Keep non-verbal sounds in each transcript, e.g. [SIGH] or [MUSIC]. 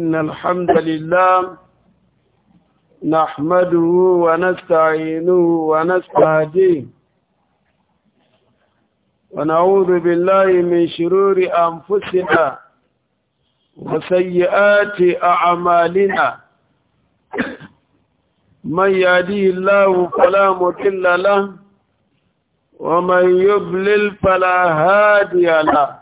إن الحمد لله نحمده ونستعينه ونستهديه ونعوذ بالله من شرور أنفسنا وسيئات أعمالنا من يهديه الله فلا مضل له ومن يضلل فلا هادي له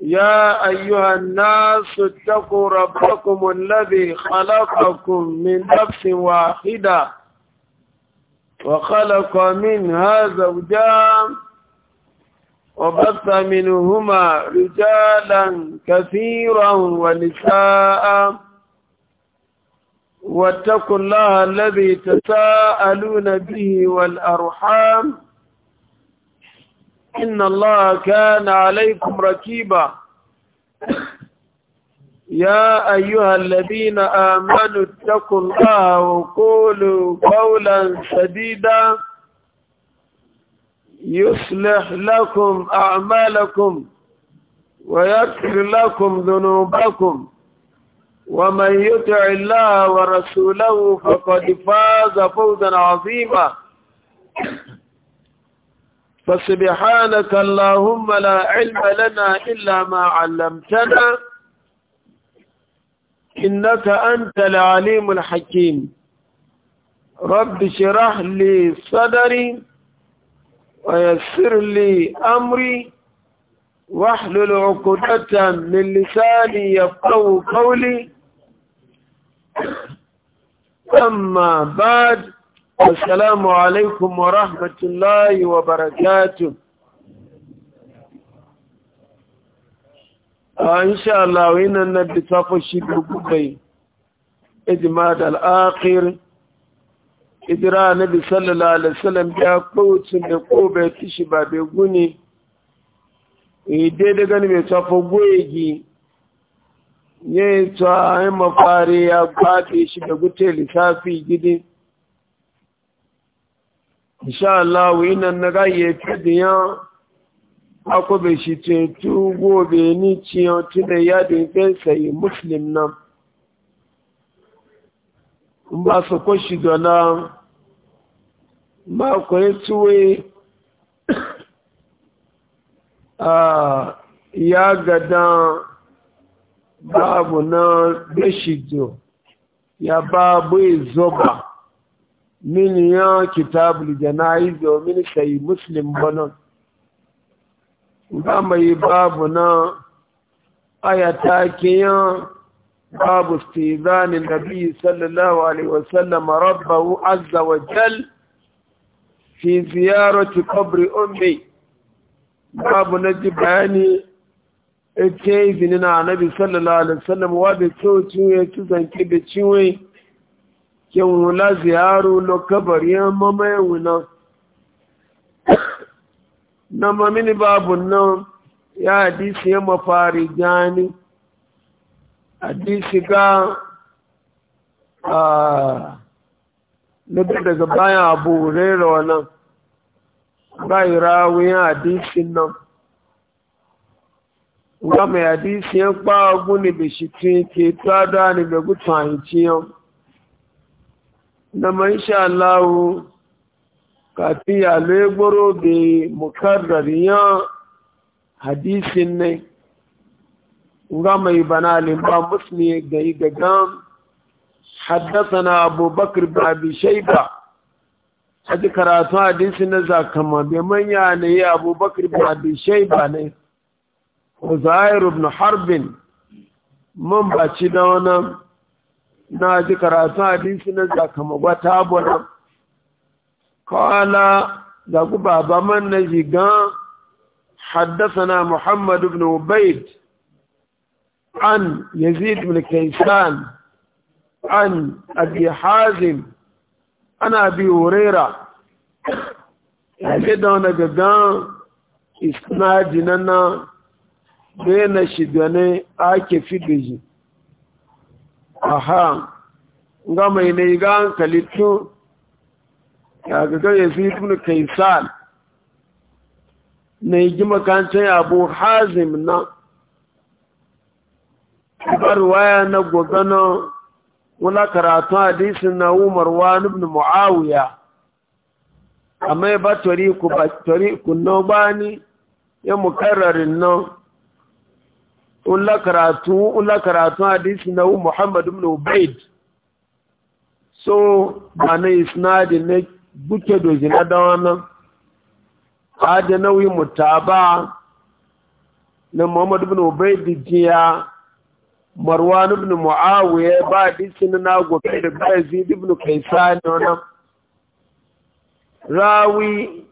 يا أيها الناس اتقوا ربكم الذي خلقكم من نفس واحدة وخلق منها زوجا وبث منهما رجالا كثيرا ونساء واتقوا الله الذي تساءلون به والأرحام إن الله كان عليكم ركيبا يا أيها الذين آمنوا اتقوا الله وقولوا قولا سديدا يصلح لكم أعمالكم ويغفر لكم ذنوبكم ومن يطع الله ورسوله فقد فاز فوزا عظيما فسبحانك اللهم لا علم لنا إلا ما علمتنا إنك أنت العليم الحكيم رب شرح لي صدري ويسر لي أمري واحلل عقدة من لساني يفقه قولي أما بعد السلام عليكم ورحمة الله وبركاته إن شاء الله وإن النبي تفشي بقبي إدماد الآخر إدراء النبي صلى الله عليه وسلم يا قوت من قوبة تشبه بغني إيدي دغني متفقويجي ne ta haimafari ya kwaɗe shi da gute lissafi gidi insha Allah winan na gaye kadiya ako be shi te tu gobe ni ciyo tuna ya da ben sai muslim nan in ba su ko shi dona ma ko tuwe [COUGHS] a ah, ya gada babu na beshido ya babu izoba e min ya kitabul janayiz domin sai muslim banan ba mai babu na ayata kiyan babu stizanin biyu sallallahu alaihi wasallam rabbahu azza wa jal fi ziyarati qabri ummi babu na ji bayani ake e izinin na anabi sallallahu alaihi wasallam wa da ciwo ciwo ya ci zanki da ciwo kin wula ziyaru lo kabarin mamaye wuna na mamini babu nan ya hadisi ya mafari gani hadisi ga a nabi daga bayan abu hurera wannan bai rawun hadisin nan ga mai hadisin ya kpa ogun ni bai shi tun ke tsada ni bai gutsa hanci yau na mansha Allahu kafi ya leburo da mukarrariyan hadisin ne ga mai bana limba musni ga yi gagan haddasana abubakar bin abi shaiba karatun hadisi na zakama bai ne ya abubakar bin abi ne ko zahir harbin mun baci da wannan na ji karatu hadisi na zakamagwa tabunan kawala da ku baba man na haddasa haddasana muhammad ibn ubaid an yazid ibn kaisan an abi hazim ana bi hurera ce da wani gagan isna na bai na shidane ake fi da aha nga mai ne ga kalittu ya ga gare su ibn kaisan ne ji makancin abu hazim na bar waya na gogano wala karatun hadisin na umar wa ibn muawiya amma ba tori ku ba tori ku no bani ya mukarrarin no ula karatu ula karatu hadisi na Muhammad ibn Ubayd so ana isnadi ne buke doji na da wannan hada nauyi mutaba na Muhammad ibn Ubayd jiya Marwan ibn Muawiya ba hadisi na gobe da Yazid ibn Kaysan wannan rawi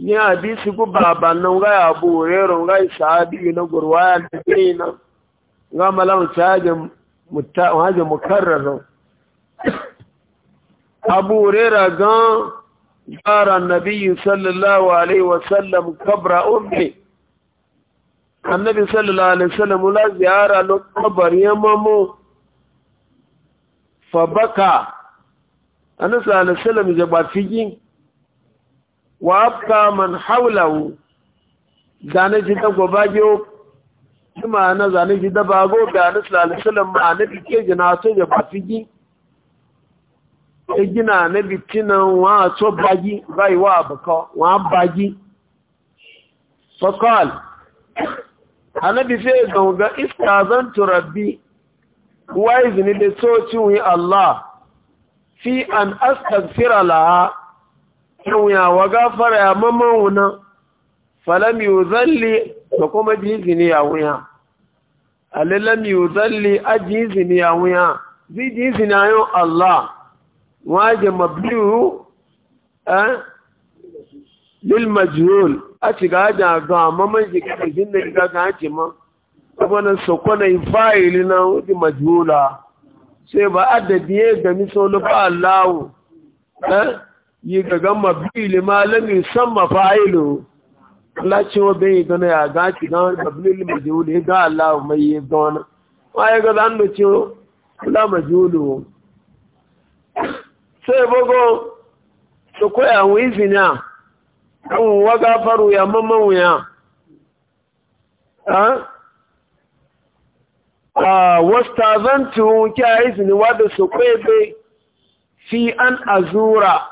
ni hadisi ku baba nan ga abu hurairu ga sahabi na gurwaya da kaina nga malam tajin mutta haje mukarrar abu hurairu ga zara annabi sallallahu alaihi wasallam kabra ummi annabi sallallahu alaihi wasallam la ziyara lo kabar yamamu fabaka annabi sallallahu alaihi wasallam ya ba figin wa abba man hawlahu zane shi da goba biyo kuma na zane shi da bago ga na sallallahu ma na bike jina to ya fafigi e gina na bitina wa to bagi bai wa baka wa bagi faqal annabi sai gauga istazantu rabbi wa izini da so ciwi allah fi an astaghfira laha yawuya wa gafara ya mamman wunan falam yi zalli da kuma jizini ya wuya alilam yi zalli a jizini ya wuya zai jizini yau Allah waje mabliu eh lil majhul a shiga da ga mamman shiga da jin da ga ga ce ma wannan sokona fa'ili na wuce majhula sai ba adadi ya ga misalo ba Allah eh yi gagan mabili malamin san mafa'ilu ce wa bai gana ya gaci gan mabili majulu ga Allah mai yi gana ma ya gaza an dace kula majulu sai bugu su koya ya. an waga faru ya mamman ya wasta zan tuhun kya izini wadda su koya bai fi an azura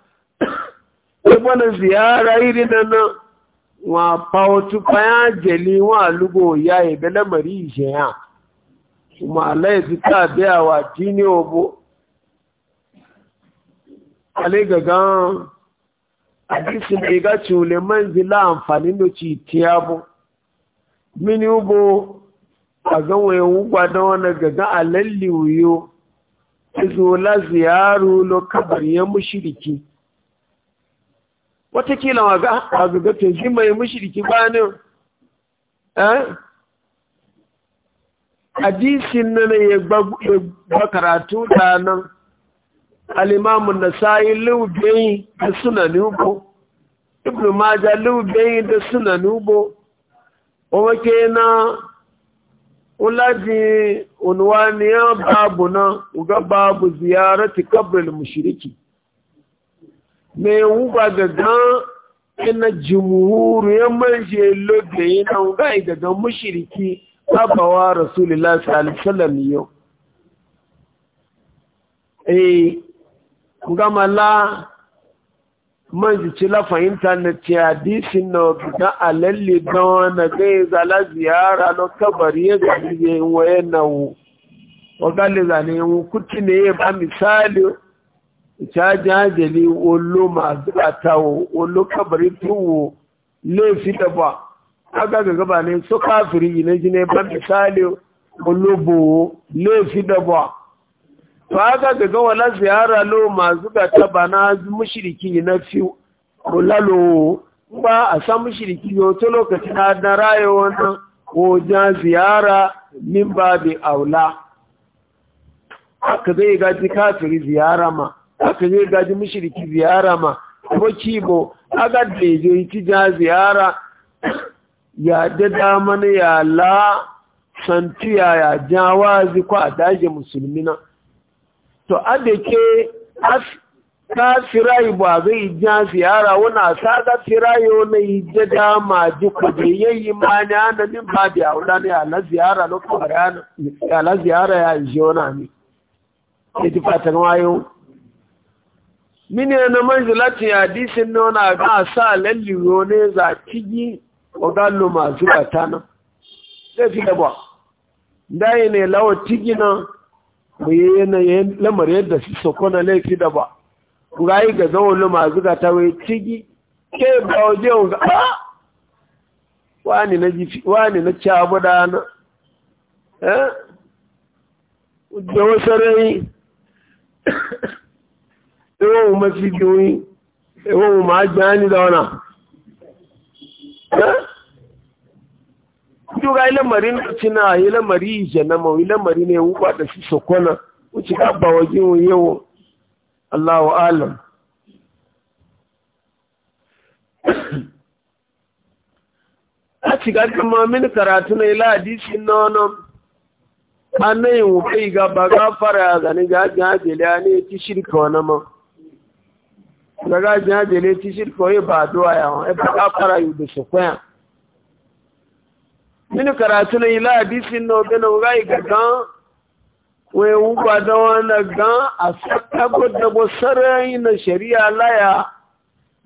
mana ziyara iri nana wọn apá otu kwaya jeli wọn alugo ya ebele mari ìṣẹ́ ya kuma ta tàbí àwà tí ní obo alẹ́gagán àdísì mai gaci olè manzila àǹfààní ló ci tíya bó mini ubo a ganwa ya wugwa na wani gagan alalli wuyo zo la ziyaru lo kabar ya mushiriki watakila waga to shi mai ba bayanin eh hadisin nan ya gba karatu da nan alimamun na sayi lubeyi da suna nubo ibn maja lubeyi da suna nubo wọn ke na ulaji ya babu na uga babu ziyarati kabril mushriki mai wuba ga gan ina jimhuriyar manje lobe yana ga gan mashiriki abawa rasulullah sallallahu yau eh gamala manje ci la fahimta na ci hadisin na ga alalle don na gai zala ziyara na kabari ya gani yayin wayan na wu wa gali kuti ne ya ba misali masu kabari ìṣáájájẹ̀lé olóma àtàwò olókàbàrí tó ga léèfí dẹ̀bà agagagaba ní sókàfìrí ìnájíné ban misali olóbò léèfí dẹ̀bà to ga na ziyara ló masu gataba na mushiriki na fi rulalo ba a san mushiriki yau to lokaci na na rayuwa na wajen ziyara min ba babi aula aka zai gaji kafiri ziyara ma aka je gaji mashiriki ziyara ma kuma kibo aka da ya je ki ja ziyara ya da dama na ya la santiya ya jawazi ko a daji musulmina to adake ke ta firayi ba zai ija ziyara a sa ga firayi wani da dama ji ya yi mani ana min ba da yaula ne ala ziyara lokacin ya ala ziyara ya ije wani ne ya ji fatan wayo mini na manzilati hadisin nuna ga sa lalli ne za cigi ogalo masu bata nan zai fi gaba daye ne lawa tigi nan mu yi yanayin lamar yadda su soko na laifi da ba yi ga ma zuwa gata wai tigi, ke ba waje ga a wani na cabu da na eh da wasu rai ewu masiki wi ewu ma gbani da wana duga ile mari na cina ile mari je na mo ile mari ne uba da shi sokona uci ka ba waje wo yewo Allahu alam a cikin kama mini karatu na ila hadisi nonon anayin wukai ga ba fara ga ni ga ga ne ki shirka wani ma daga jẹ́ bèèrè tí ṣírkọ̀ yìí ba àdúwà yàwọn ẹbí káfàrà yìí da ṣùkwẹ́yà nínú karatu na ilá àdísí na obì na wúgá ìgà gan wọn ewu gbada wọn na gan àfẹ́kẹ́gbọ́dẹ́gbọ́ sẹ́rẹ́ yìí na ṣẹ̀ríyà láyà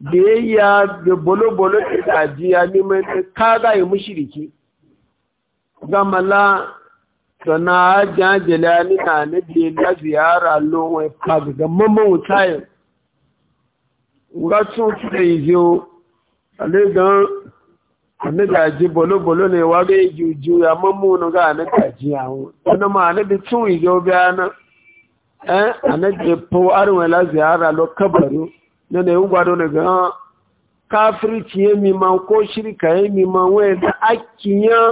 da ya yi ya da bolo-bolo da dajiya neman kaga yi mushiriki gamala sana jajjela ziyara lo wai faga nga tún kílẹ̀ yìí o alẹ́ gan anẹ́gbà jí bọ́lọ́bọ́lọ́ ní wá bẹ́ẹ̀ ju ju àmọ́ múnú gá anẹ́gbà àwọn ọ̀nà máa anẹ́bi tún bí aná ẹ́ arìnrìn láti ara lọ kábàrú nínú ewu gbádùn ní gan káfírí kì í mi máa kó ṣíríkà yìí mi máa wọ́n ẹ̀dá akíyàn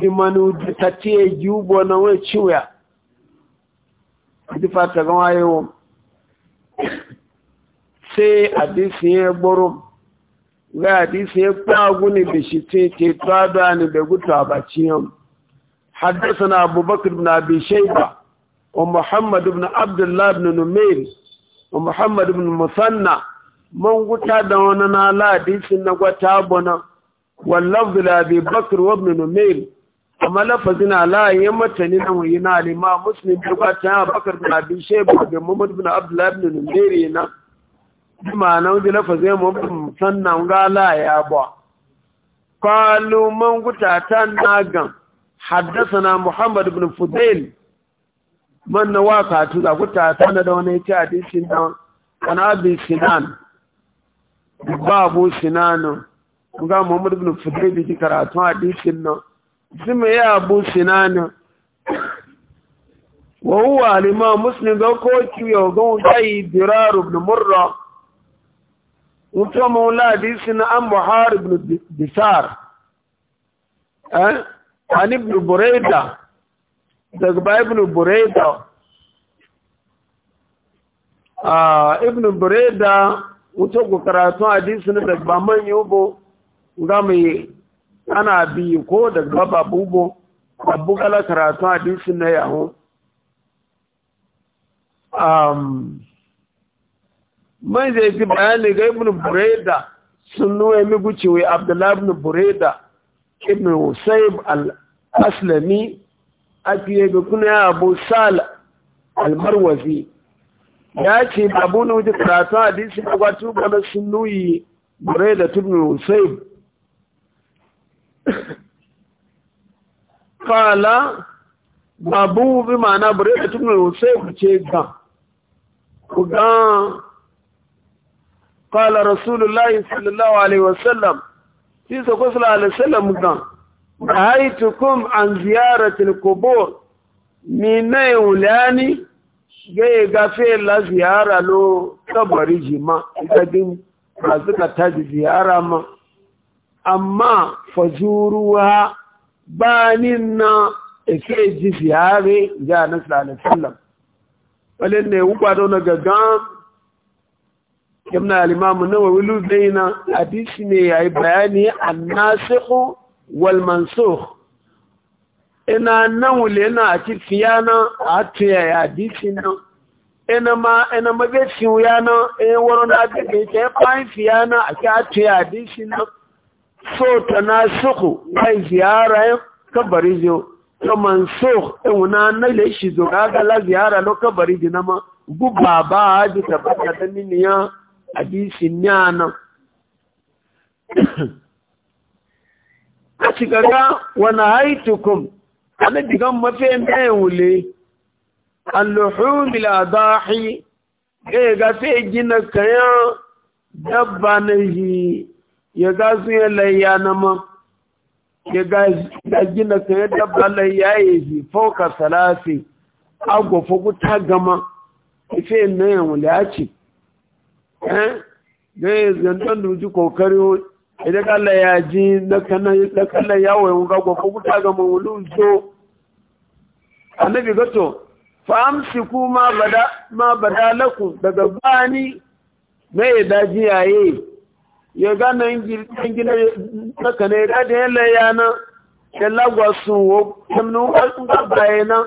mi máa ní ojú tàtí èjì úbọ̀ wọ́n ẹ̀ sai hadisi ya boro ga hadisi ya kwagu ne da shi ce ke tsada ne da guta ba ciyan haddasa abubakar ibn abi shayba wa muhammad ibn abdullah ibn numair wa muhammad ibn musanna man guta da wani na ladisi na gwata bana wallaf da abu bakar wa ibn numair amma lafazin ala ya mata ni nan wani na alima muslim ya gwata bakar ibn abi shayba da muhammad ibn abdullah ibn numair na bí màá náà jẹ́ lọ́fọ̀sẹ́ mọ́ sanna ga láàyà bọ́ kwalu man guta ta nagan haddasana muhammad ibn fudail man na waka tu za guta ta na da wani ta hadisin da na abi sinan babu sinanu ga muhammad ibn fudail ji karatu hadisin na, zima ya abu sinanu wa huwa al-imam muslim ga ko kiyo ga dai dirar ibn murrah wuto maula hadisi na an buhari ibn bisar an ibn burayda daga ba ibn burayda ah ibn burayda wuto ku karatu hadisi na daga ba man yobo ga ana bi ko daga ba bubo abu kala hadisi na man zai fi bayani ga ibn bureda sun nuna mi gucewa abdullahi ibn bureda ibn husayb al-aslami a fiye ga kuna abu sal al-marwazi ya ce babu na wuce karatu hadisi da gwatu gana sun nuyi bureda ibn husayb kala babu bi ma'ana bureda ibn husayb ce ga ku قال رسول الله صلى الله عليه وسلم في صلى الله عليه وسلم نهيتكم عن زيارة القبور من أولاني جاي غفير لا زيارة لو قبري جما لكن رزق تاج زيارة ما أما فزورها باننا إفيد زيارة جاء نسل عليه وسلم ولن يوقعدون غغام yamna al-imam an-nawawi lubaina hadisi ne yayi bayani an-nasikh wal mansukh ina nan wule na ci fiyana a hadisi nan ina ma ina ma zai ci wuyana in wurin da aka ke ke fayin fiyana a ka hadisi nan so ta nasikh wai ziyara eh, kabari zo to mansukh in e wuna na le shi zo ga ziyara lo kabari dinama gubba ba ji tabbata da miniya hadisi nyana ci gaga wani haitukum ana digan mafi ɗaya wule alluhumil adahi ɗaya ga sai gina kayan dabba na yi ya ga yi layya na ma ya ga gina kayan dabba layya ya yi fauka salafi agwafa guta gama ife na yawon wule a ce ne eh? zanton eh, da ji kokari idan Allah ya ji na kallon yawo yawon gagwa ko kuta ga mawulun so annabi gato fa'amsi ku ma bada laku daga bani na ya daji yaye ya gana yin gina na kanai da yana yana ya wo kamnu ƙarfin ƙarfaye na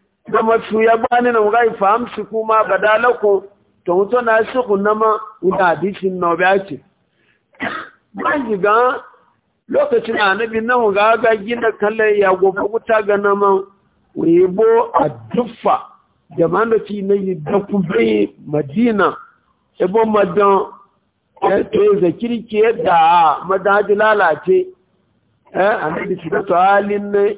da masu ya gbani na mugai fahamsu kuma ga dalako ta wuto na shi kunama wuta hadisin na obi ake ban giga lokacin anabi na muga ga gina kallon ya gobe wuta ga nama webo a duffa da mandaci na yi da madina ebo madan eh, ya to zakirki da ah, madan lalace eh annabi shi da halin ne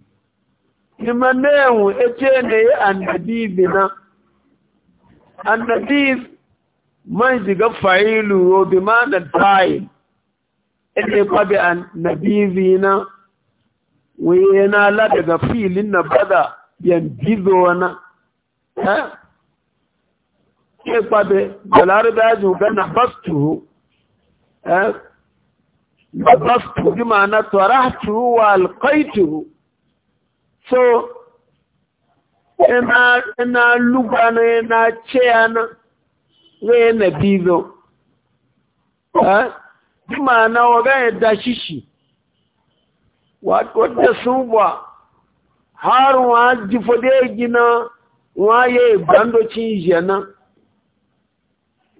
imanewu ece ne ya annabibi na annabib man shiga fa'ilu o bi ma tayi ene kwabi annabibi na wuye na la daga fili na bada yan bizo na ha ke kwabi balari da yaji ga na bastu ha bastu bi ma tuarahtu tarahtu wa alqaitu so ina lugba na ina ceya na zai na bizo ha kuma na waga yadda e shishi wadda su ba har wa jifode gina waye bandocin jana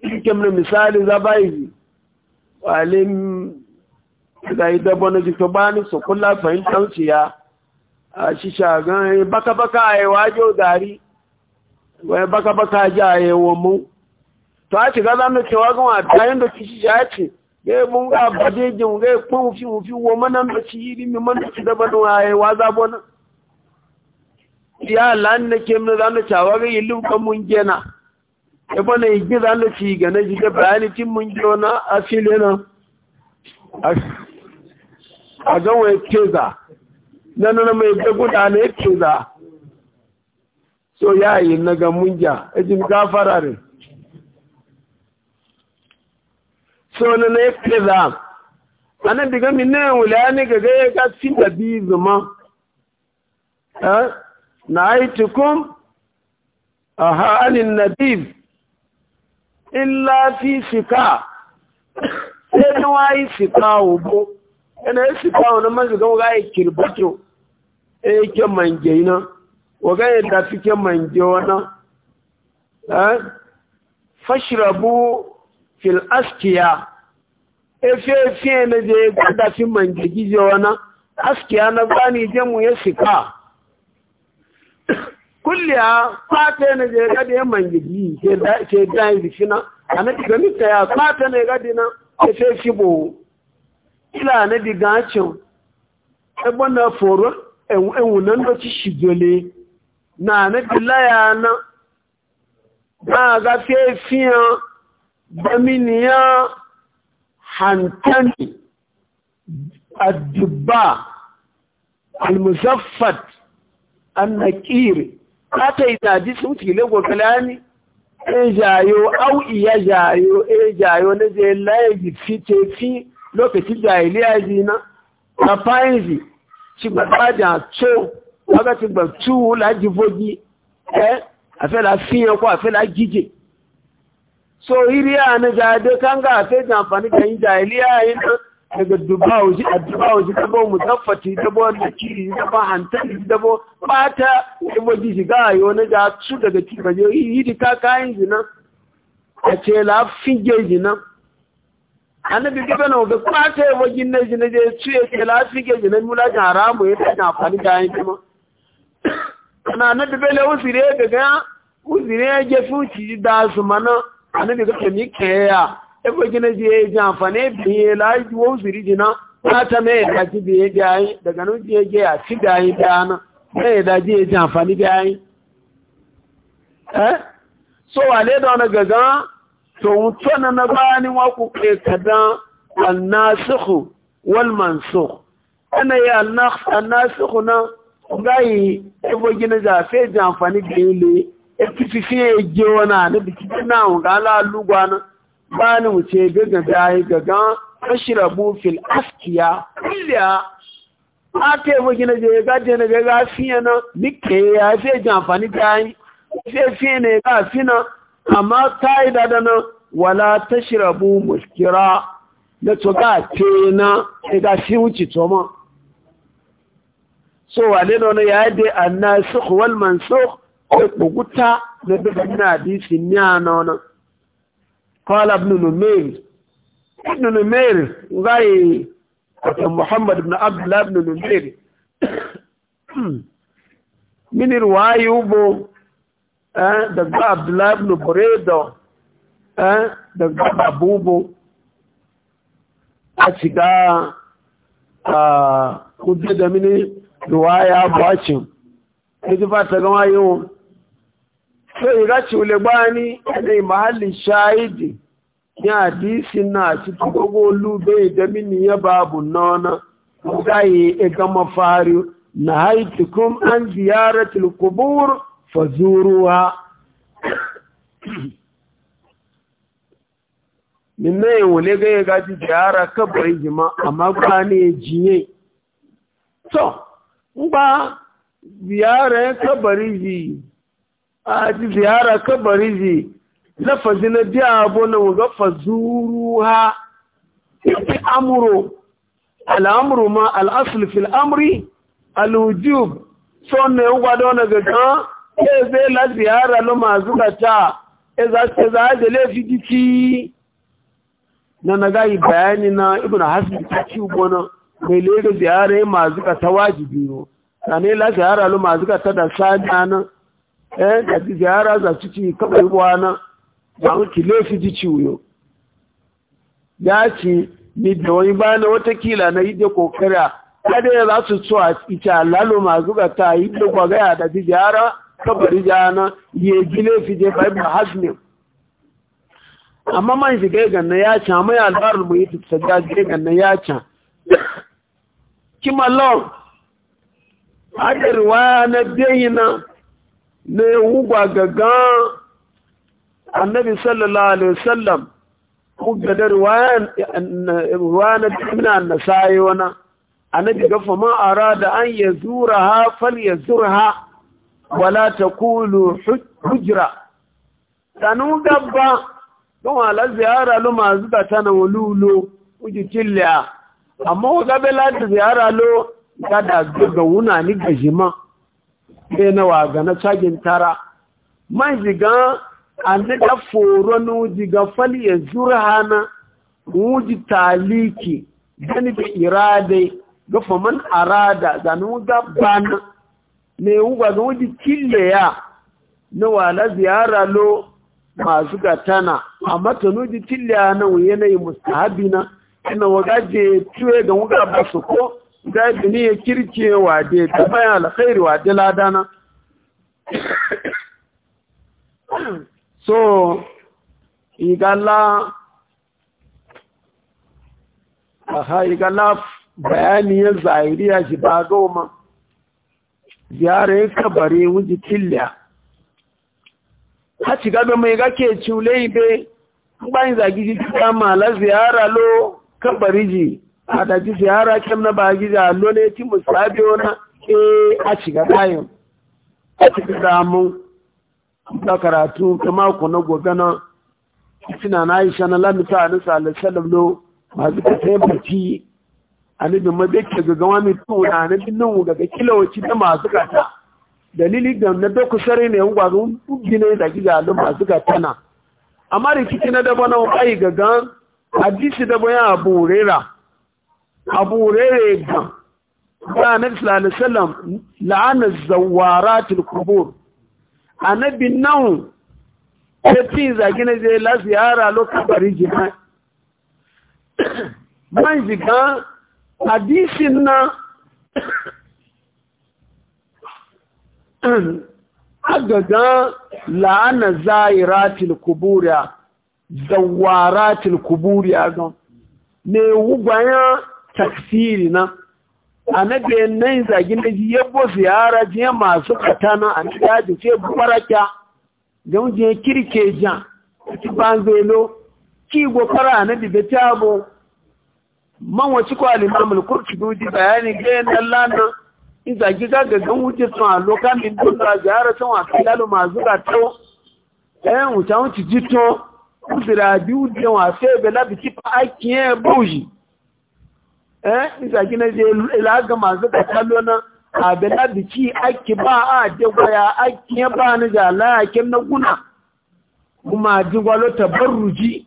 kike na misali zaba yi walin da idabo na bani so kula fahimtar siya a shi shagan eh, baka-baka a yawa jo dari wai baka-baka ji a yawa mu to a shiga za mu cewa gama bayan da kishi ya ce ga mun ga wufi wa manan da yi rimi man da daba a ya mun za mu yi mun gena ya yi gina na ci da bayani cin mun gina a filina a ya nanana mai guda na yake za so ya yi na ga munja ajin e gafara ne so na na yake za a nan diga min nan wula ne ga gaya ga fi da bi zuma na haitukun a halin nadif illa fi shika sai na wayi shika hubu ina yi kawo wani manzu ga waga ya kirbato e yake mange na waga ya tafi kyan mange wana fashirabu fil askiya efe fiye na je ga tafi mange gizo wana askiya na gani je mu ya sika kulliya fata na je ga da ya mange gi ke da ke da fina ana ga mita ya fata ya ga dina efe fibo ila na bi gacin ebe na foro ewunan da shigole na na bi laya na na ga fefiyan dominiyan hantani adduba almuzaffat annakiri kata itaji sun file gogalani e jayo au iya jayo e jayo na zai laye fice fi lokacin jahiliya ji na na fayin ji ci gbagba da to waga ti gbag tu la ji fogi eh afe la fiyan ko afe la gije so iri ya na jade kan ga afe da amfani da yin jahiliya yin daga dubau ji a dubau ji dabo mu tafati dabo da kiri dabo hantali dabo bata dabo ji shiga yo na da su daga kibaje yi di kakayin ji nan a ce la fige ji annabi gaba na ga kwata yawa gina jina je ciye ke lafike jina mula ga haramu ya tafi amfani da yan kuma. ana annabi na uzire ga ga uzire ya je fuci da su mana annabi ga kemi kaya ebe na je ya ji amfani biye laji wa uziri jina ta mai ya kaji biye da yi daga nan je je ya ci da yi da yana me ya daji ya ji amfani da yi eh so wale da wani gaga to wutona na bani wa ku kadan annasikhu wal mansukh ana ya annakh annasikhu na gai ebo gina da fe da amfani da ile e fifi e je wana na biki na un ga la lugwana bani mu ce gaga dai gaga ashrabu fil askiya kulliya ake ebo gina je ga je na ga fiye na nike ya fe da amfani da ai fe fiye ne ga fina amma ka'ida da nan wala shirabu muskira da to ga te na e ga shi wuce to ma so wale no ne ya na annasikh wal mansukh ko buguta na daga ina hadisi ni ana na qala ibn numair ibn numair ngai muhammad ibn abdullah ibn numair [CLEARS THROAT] min riwayu bo Eh, daga abdullahi ibn bureda eh, daga babubo a shiga a kudde da mini ruwaya bacin ɗin ba ta gama yiwu sai ga ci wule bani ne mahallin shahidi ya hadisi na cikin gogo lube da mini ya babu nona ga yi e ga na haitukum an ziyaratul fazuruwa nínú ìwòlé gẹ́gẹ́ gájú jẹ́ ara kẹ́bọ̀ ìjìmọ́ àmágbá ní ìjìyẹ tọ́ ń gbá ziyara kẹ́bọ̀rí zì àti ziyara kẹ́bọ̀rí zì lafazi na bí ààbò na wùgá fazuruwa ìpí amúrò al'amuru ma al'asulfil amri al'ujub sọ́nà ìwádọ́ na gaggan ẹ̀ẹ́fẹ́ láti ara ló máa zúkàtà ẹzà ajẹ́lẹ́ fi jíkí na naga yi bayani na ibùn hasin kàkí ugbọ́nà mai lẹ́gbẹ̀ ziyara ya máa zúkàtà wajibi ro sani láti ara ló máa zúkàtà da sáyà na ẹ̀ẹ́ kàkí ziyara za su ci kaba ibuwa na ba n kile fi jíkí wuyo ya ce ni da wani bana watakila na yi da kokara kada ya za su tsuwa ita lalo masu gata yi da kwagaya da jijiyara kabari jana ya gile fi je fa ibn hazm amma man shi ga na ya cha mai albar mu yi sajja ga na ya cha kima lo adarwa na bayina ne ugwa gaga annabi sallallahu alaihi wasallam ku ga darwa riwaya riwaya na bayina na wana annabi gafa ma arada an yazura ha fal yazurha wala ta kulu hujra tanu dabba don ala ziyara lo masu ta tana wululu uji kiliya amma o gabe la ziyara lo ta da ga wuna ni gajima Sai na waga na cagin tara man ziga an daga foro na uji ga fali ya zurhana uji taliki gani da irade ga faman arada zanu dabba na yi ba zuwa da kille ya na wala ziyara lo masu gatana a ta da kille ya nan yanayi mustahabi na ina je tuwe ga wuga ba su ko da ne ya kirke wa da ta bayan alkhairi wa da ladana [COUGHS] so igala aha igala bayaniyar zahiriya shi ba goma Ziyara ya kabare wuji tilya hati da mai gake cule ibe bayan zagi ji ta mala ziyara lo kabari ji a ji ziyara kem na gi da lo ne ti musabi ona e a shiga bayan a cikin damun da karatu kuma ku na gobe na suna na aisha na lamita a nisa alisalam lo masu kasai annabi ma bai ke gagawa mai tuna na nan ga ga kilawaci da masu kata dalili da na da kusare ne yan gwazo dubi ne da kiga da masu kata na amma rikici na daba na wai gaga hadisi daba ya abu rera abu rera ga ga annabi sallallahu alaihi wasallam la'ana zawaratul qubur annabi nan ya fi zagi na zai la ziyara lokacin bari jima'i. man jigan hadisin na agaga la'ana ratil kuburiya zawaratil kuburiya don ne wugbayan taksiri na anabe nan zagin da ji yabo ziyara jiya masu katana a ya ji ce baraka don jiya kirke jan ci zelo ki gofara na da tabo man wasu ko alimamul kurki duji bayani ga yan Allah in zagi ga gagan wuce sun a lokacin don da jihara sun wasu lalu masu to ɗayan wuta wuce jito kusura biyu da wasu ebe labi fa aiki yin buji eh in zagi na je ilaga masu gato na abe labi ki aiki ba a jagwaya yin ba ni jala yakin na guna kuma jigwalo tabarruji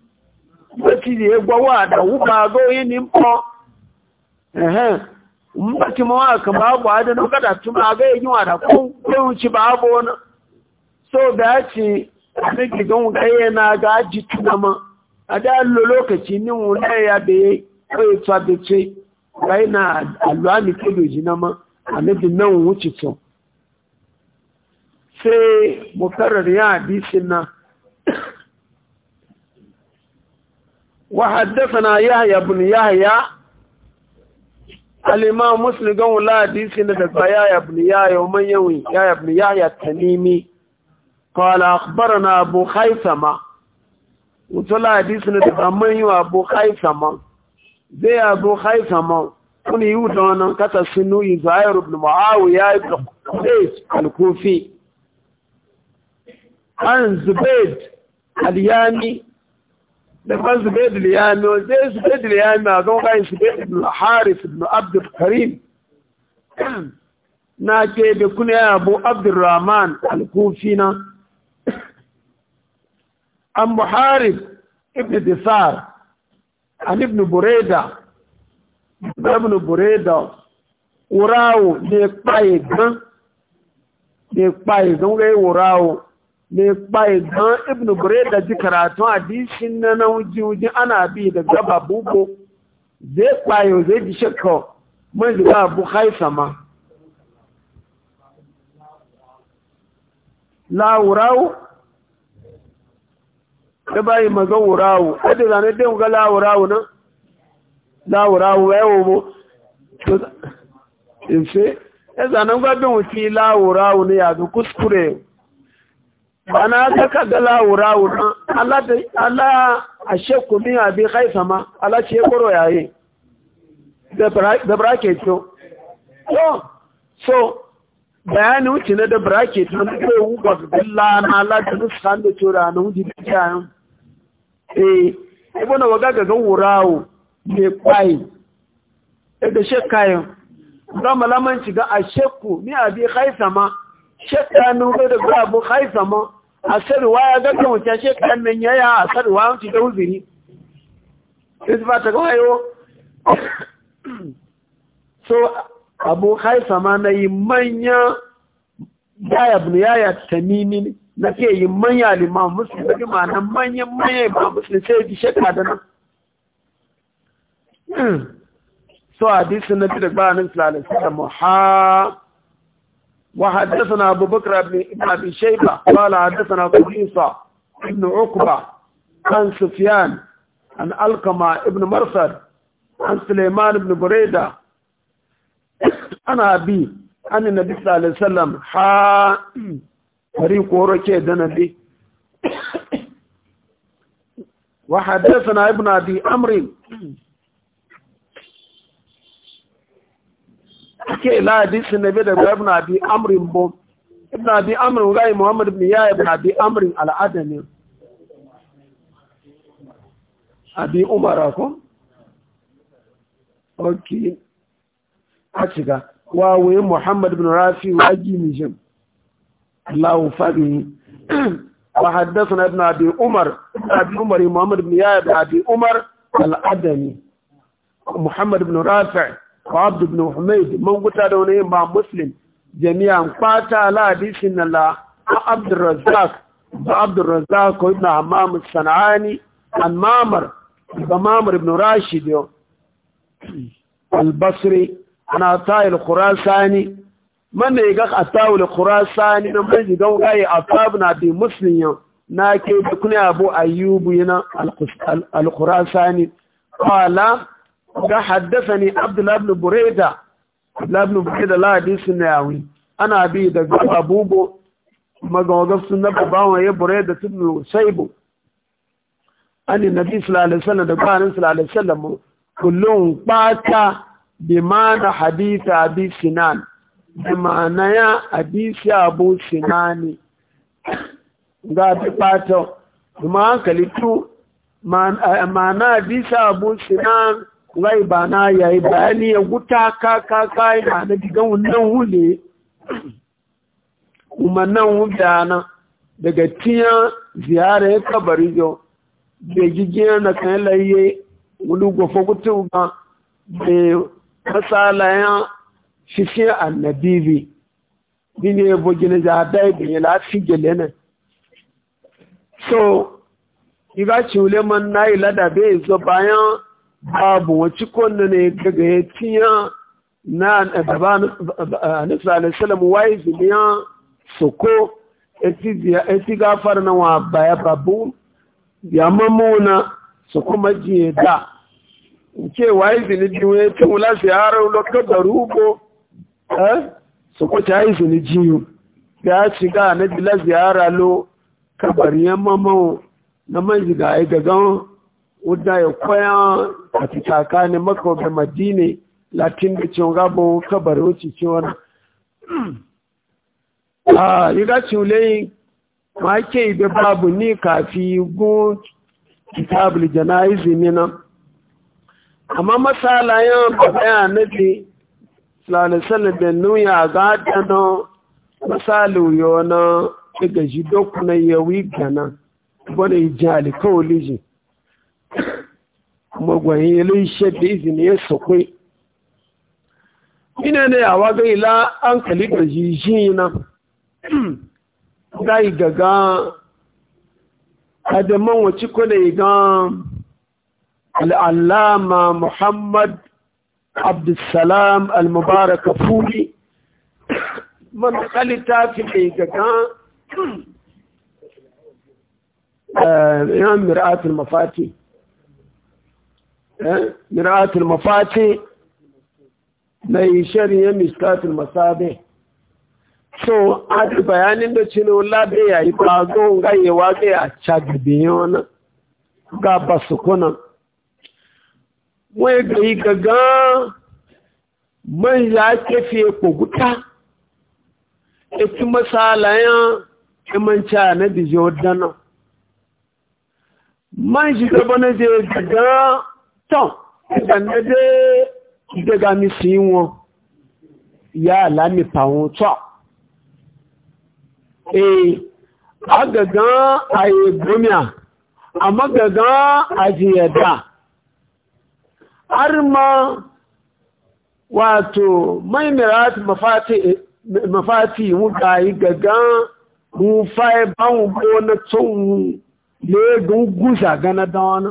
mbachiri egwawa adawu baga onye ni mkpọ mbachi mawaka na kada tuma ga enyi wada ko wuce ba abu na so da ce abin gigan gaye na ga aji tuna ma a da allo lokaci ni wuna ya be kai fa be ce kai na alwani kudu jina ma annabi nan ya وحدثنا يحيى بن يحيى الامام مسلم قال لا حديث لدى يحيى بن يحيى ومن يوي يحيى بن يحيى التميمي قال اخبرنا ابو خيثمة وطلع حديث لدى من يوي أبو خيثمة زي ابو خيثمة كن yi wuta سنو kasa بن معاويه ابن قيس الكوفي عن زبيد الياني da ban Zubair al-Yami sai Zubair al-Yami a gon kai Zubair ibn Harith ibn Abd al-Karim [CLEARS THROAT] na ke da kuna Abu Abdurrahman al-Kufi na [CLEARS THROAT] an Muharib ibn Disar an ibn Bureda ibn Bureda ne ne mai bai don ibn da ji karatun hadisin na na wujin ana bi da gaba buko zai kwayo zai ji shakka man ji ba bu haisa ma lawurawo da bayi maga wurawo wadda zane dai ga lawurawo nan lawurawo ya wobo in ce ya zanen gwabin wuce lawurawo ne ya kuskure bana ta dala wura wura Allah a shekku min abin haifa ma Allah ce koro yayi da bracket so so bayani wuce na da bracket na da kai wuka billa na Allah da nusan da tura na wuji da kayan eh ibo na waga gagan wurawo ne kwai da mu lamanci shiga a shekku min abin haifa ma shekka nuna da abu haifa ma asarwa ya zarta mutum shi kaɗan nan ya a asarwa an ci ta huziri sai ba ta gawayo so abu haifa ma na yi manya yaya ya yaya tamimi na ke yi manya liman musu da ma na manyan manya imam musulun sai yi shekara da nan so disu na fi da gbanin sulalai sai da muha وحدثنا أبو بكر بن أبي شيبة قال حدثنا قبيصة بن عقبة عن سفيان عن ألقمة بن مرصد عن سليمان بن بريدة أنا أبي أن النبي صلى الله عليه وسلم حا فريق وركي دنبي وحدثنا ابن أبي أمر ake ila na bida da ibn abi amrin bo ibn abi amrin ga muhammad ibn yahya ibn abi amrin al-adami abi umara ko okay a wa we muhammad ibn rafi wa jimijin allahu fadi [CLEARS THROAT] wa haddathana ibn abi umar abi umar muhammad ibn yahya ibn abi umar al-adami muhammad ibn rafi' wa abdu ibn humayd mun guta da wani ba muslim jami'an fata la hadisin la abd razzaq ba abd razzaq ko ibn hammam sanani an mamar ba mamar ibn rashid yo al-basri ana ta'il khurasani man ne ga atawul khurasani nan ban ga gai atabna bi muslim yo na ke da dukne abu ayyubu yana al-khurasani qala ga haddasa Abdullahi abdullabnu bureda abdullabnu bureda hadisi na yawi ana bi da gaba magawagar sun babawa ya bureda tun saibu ani nabi sallallahu da kwanin sallallahu kullum ɓata bi mana hadita abi sinan bi mana ya hadisi abu sinani ga bi ɓata kuma hankali tu mana hadisa abu sinani zai ba na yayi bayani ya guta ka ka ka ina na digan wannan hule kuma nan wudana daga tiya ziyara ya kabari yau da gigiyar na kan laye wani gofa gutu ba da masalaya shishin annabi bi ni ne ya bogi na jihadai da ya lafi gele ne so iga ciwule man na yi ladabe zo bayan babu wacce kwanne ne daga ya tiya na daba nufsa alisalam waye zumiya soko eti gafar na wa baya babu ya mamuna soko majiye da nke waye zini jiwe ta wula ziyara ya harin lokacin da rubo su kuta yi zini jiyo ya shiga na bila ziyara lo ya mamu na manjiga ya gagan wadda ya kwaya a cikaka ne makobin madini latin da cin gabo kabar wuce ce wani a [CLEARS THROAT] ah, yi gaci wule ma ke ibe babu ni kafi gun kitabul jana ne nan amma matsala yan babaya na fi salisali da nuya ga dano misali yau na ga shi dokunan yawi gana gwada ijali kawai lijin kuma gwayin ilishe da izini ya sakwai ina ne a waga ila an kalibar jiji na ga gaga adaman wace kuna ga al'allama muhammad abdulsalam al-mubaraka fuli man kalita fi mai gaga yan mafati mira'atul eh, mafati na ishari ya miskatul masabe so adi bayanin da cinu labe ya yi kwazo ga yi waƙe a cagabe ga basu kunan wai ga yi gaga man ya tafiye koguta ita masalayan imanci na bijo dana man shi gaba na je gaga tán ẹgbẹ̀mẹ́dé ìgbéga mi sí wọn ya alámìpa wọn tọ́ ee agagán àyè gómìnà àmọ́gagán àjìyẹ̀dà arma wato mai mirat mafati wuga yi gagán mu fa'i báwọn bó na tsohon legun gusa gana da wani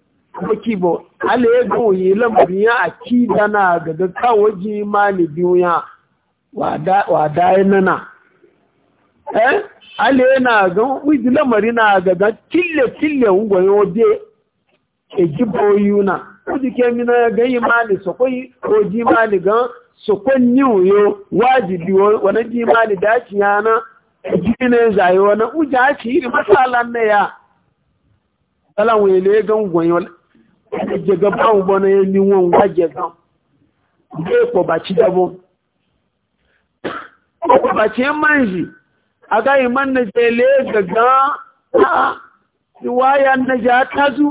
baki bo ala ya ga wuyi lamarin ya akida na gaga kawo ji mani biyu ya wada ya nana eh ala ya na ga wuyi lamarin na ga gaga kille kille ungwaye waje ke jibo yuna kuji ke mina ya ga imani so koi ko ji mani ga so kon yiwo wajibi wani ji mani daci yana e jinin zayi wani uja ci iri masalan na ya Alan wele gan gwanyo ẹgbẹ̀gbẹ̀ báwọn bọ́nà ni wọn wájẹ̀ gan gbé pọ̀bàcí dábọ́ pọ̀bàcí máa ń yìí agaghị ma nnaja ele gaga riwaya nnaja atazu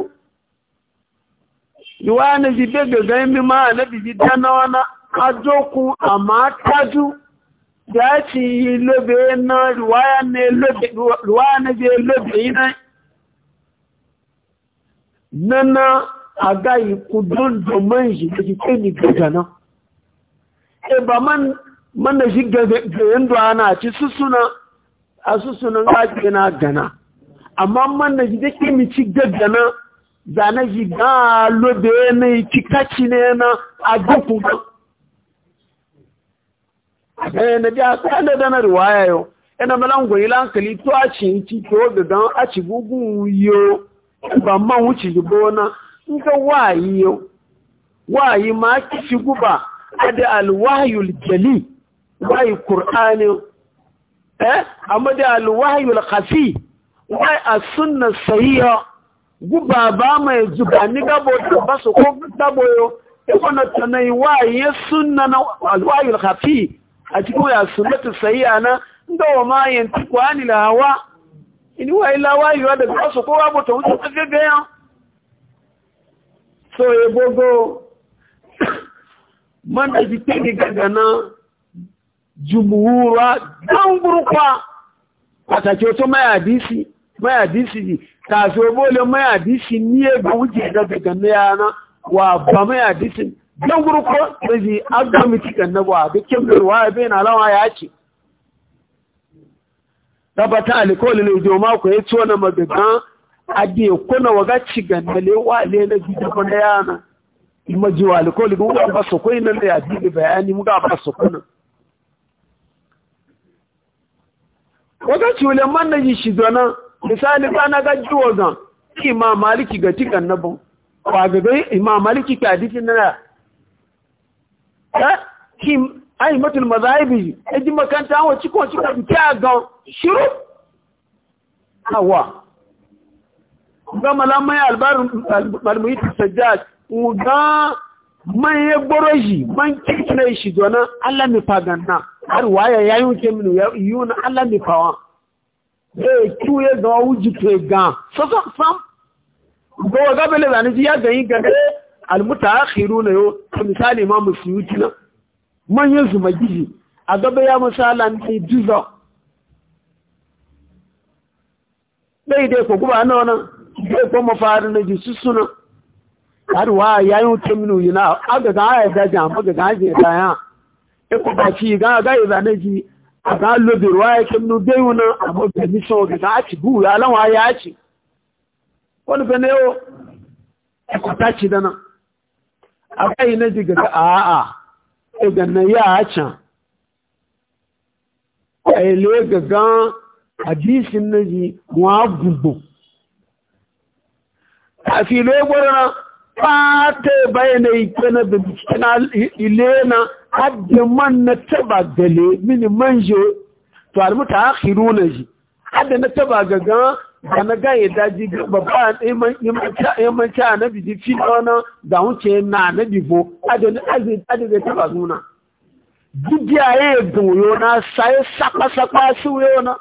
riwaya nnaji be gaga imi ma a nabiji danawa na ajokun ama atazu yi lobe na na na nana aga iku dondo manji da ke kai ni gaga nan e ba man man da shi gaga yando ana ci susuna a susunan gaji na gana amma man da shi da ke mi ci gaga nan zane shi ga lobe ne ci kaci ne na a gufu ba a ga yana da ta da dana riwaya yo ina e malan goyi lankali to a ci ci to da don a ci gugu yo e ba man wuce na nga wayi yo wayi ma kici guba ada alwahyul jali wayi qur'ani eh amma da alwahyul khafi wayi as-sunna sahiha guba ba mai zuba ni boto ba baso ko boyo yo ikona e tanai wayi sunna na alwahyul khafi a cikin ya sunnatu sahiha na ndo ma yantiku la hawa ini wayi la wayi wa da baso ko gabo to wuce gaga so ebogo [COUGHS] mana da jike ni gaga na jumuhura dan gurkwa kwatake to mai hadisi mai hadisi ji ta so bole mai hadisi ni e ga wuce daga ganna yana wa ba mai hadisi dan gurkwa sai agba miti ganna ba dukkan ruwa bai na lawa ya ce tabbata alikoli ne joma ku ya tona magagan ade kuna waga cigan da lewa lele na gida kona yana wa alkoli ko ga ba soko ina da yadi bayani mu ga ba soko na waga ciwle man na ji shi zona misali ba na ga jiwo zan imam maliki ga tikan na ba ga ga imam maliki ka hadisin na eh kim ai matul mazaibi eji makanta wa cikon cikon ta ga shiru awa ga malamai albarmuyi sajjad ga manye gboroji man kirkina shi donan allah mifa ganna har waya ya yi wuce minu yiwu na allah mifawa ya kiwe ga wuji ke ga sassan sam ga waga bele zane ji ya ganyi gane almuta akhiru na yo ta misali ma musu yuti na manyan zuma gizi a gaba ya misala ne jizo ɗai dai ko guba na wannan zai kuma faru na ji su suna karuwa ya yi wuce minu yi na aga ga haya da jamba ga gaje da ya iko ba ci ga ga yi zane ji a ga lobe ruwa ya ke minu bai wuna a mafi miso ga ga a'a ga na ya can a ile ga ga hadisin a filo gwarna ba ta bayyana ike na bincike na ile na haddin man na taba gale mini manje to almuta na ji na taba gaga da na daji babba yamanci a nabi ji fi ɗana da wuce na bo taba zuna duk goyo na sai sakwa-sakwa su yau na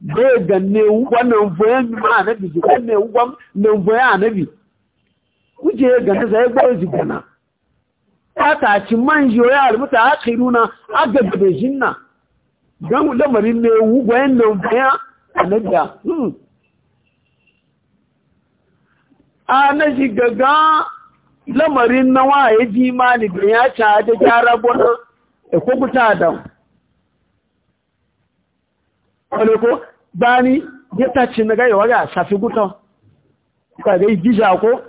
na-ewu gwa na mvoye ma anabi na-ewu gwa na mvoye anabi kuje ga na zai gwa jigana ta ta ci man yo ya almuta akhiruna agabe jinna dan lamarin ne ugwa na mvoye anabi hmm. na anaji gaga lamarin na waye ji mani da ya ci da gyara gona e ko guta da Wale ko, bani ya tace na gaya waga safi gutan ka ga gija ko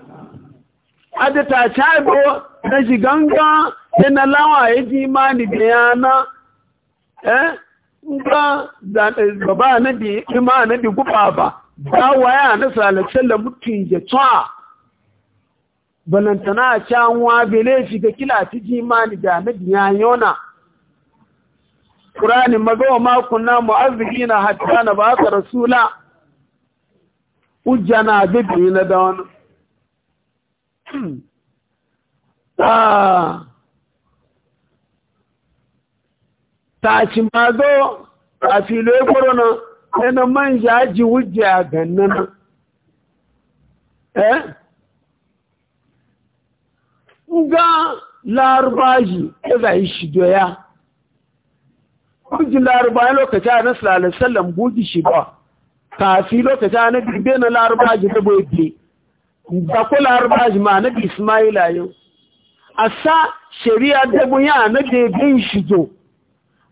adata chago na jiganga yana lawa ji imani da yana eh nga da baba na di kuma na di guba ba da waya na salatin da mutun ya tsa balantana a can wa bele shi ga kila ti ji imani da na di yana Qur'ani magawa makunna mu'azzikina hatta na ba rasula ujjana bibi na da wani [CLEARS THROAT] ah. ta ci mazo a filo ya korona yana manja ji wujja gannan eh ga larbaji ya zai laruba ya lokaci a nasu lalasallam buji shi ba kafi lokaci a nabi girbe na laruba ji da bobe da ku laruba ji ma nabi ismaila yau a sa shari'a dabun ya na bebe shi zo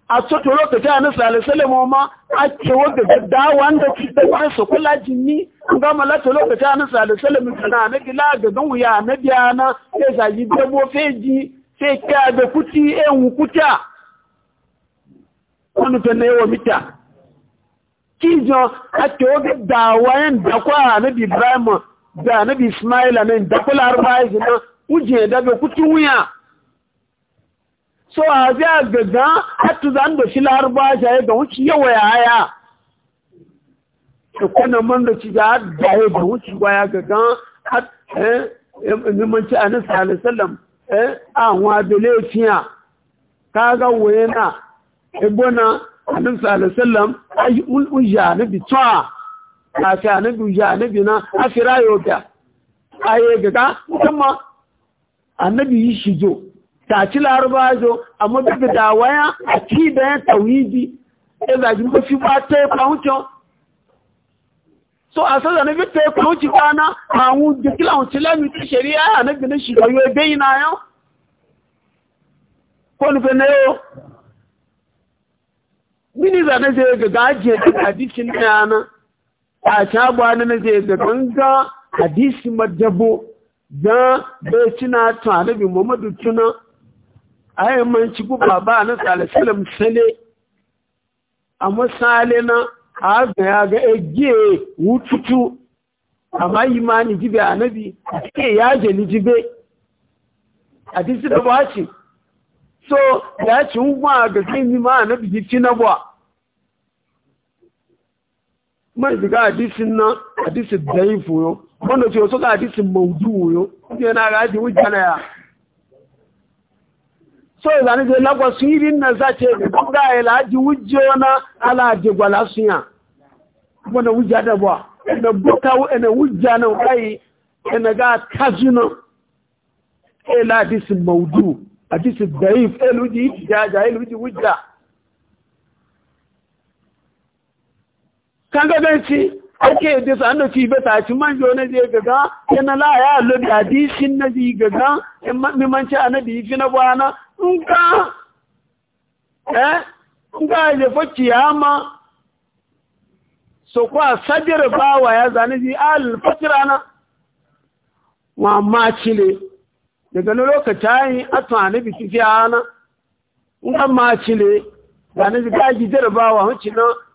a soto lokaci a nasu lalasallam ma a cewa da daddawa da ci da wani su kula jini gama lati lokaci a nasu lalasallam na na gila ga don wuya na biya na ya zagi dabo feji sai kya da kuti ewu eh, kuta wani ta naiwa mita kijo a ke oge dawayen dakwa anabi ibrahim da anabi ismail a nan dakwala arbaizu na uje daga kutu ya, eh, eh, so eh, a zai a gaga a za da shi larabashi ya ga wuce yawa ya haya ikonan man da ci ga da ya ga wuce ba ya gaga nimanci a nasa alisalam a wadda laifiya ka ga wayena. ibona annabi sallallahu wasallam ai unja na bitwa a ta na duja na bina a ta aye gaga kuma annabi yi shijo ta ci laruba zo amma duk da waya a ci da tawidi e za ji mafi ba ta yi kwancin so a da nabi fita ya kwanci kwana a hun jikila hun ci lamiti shari'a na bina shiga yau bai na yau ko nufin na yau mini za na zai ga gaje da hadisin na a shagwa na na zai ga ganga hadisi madabo da bai cina ta mamadu muhammadu tuna yi man ci guba ba na salasalam sale a sale na a ga ya ga ege wututu amma ni jibe a nabi a ya yaje ni jibe hadisi da ba ce so ya ci hukuma ga yi ma na nabi ci mai diga hadisin nan hadisin daifu yo wanda ce wasu ga hadisin maudu yo kuma na ga hadisin wujana ya so zane je lagwa sirin na za ce ga ga ya laji wujjo na ala je gwala sunya kuma na wujja da ba na buka na wujja na kai na ga kajino eh la hadisin maudu hadisin daif eh luji jaja eh luji wujja kanga ci ake yadda san hannu fi bata ci man jo na je gaga yana la ya lo da hadisin na ji gaga e mi man ci anabi fi na bwana nka eh nka je fa kiyama so kwa sadir bawa ya zane ji al fatrana wa ma cile daga lokacin bi anabi fi ana nka ma cile zane ji ga ji jarabawa huncin na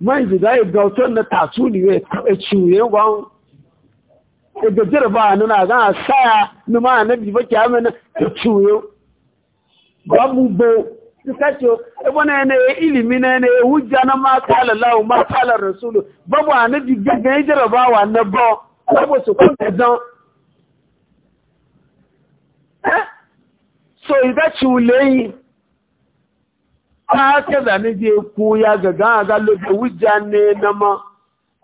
man ji zai ga hoton na tatsuni ya taɓa ciye gwan da jirba nuna za a saya numa na biba kyamun ta ciye ba mu bo suka ce ebe na yanayi ilimi na yanayi hujja na matala lawo matala rasulu ba ba na biba ga yi jirabawa na ba ba su kwanta zan eh? so idan ciye aka zane je koya ga gaga lobe wujja ne na ma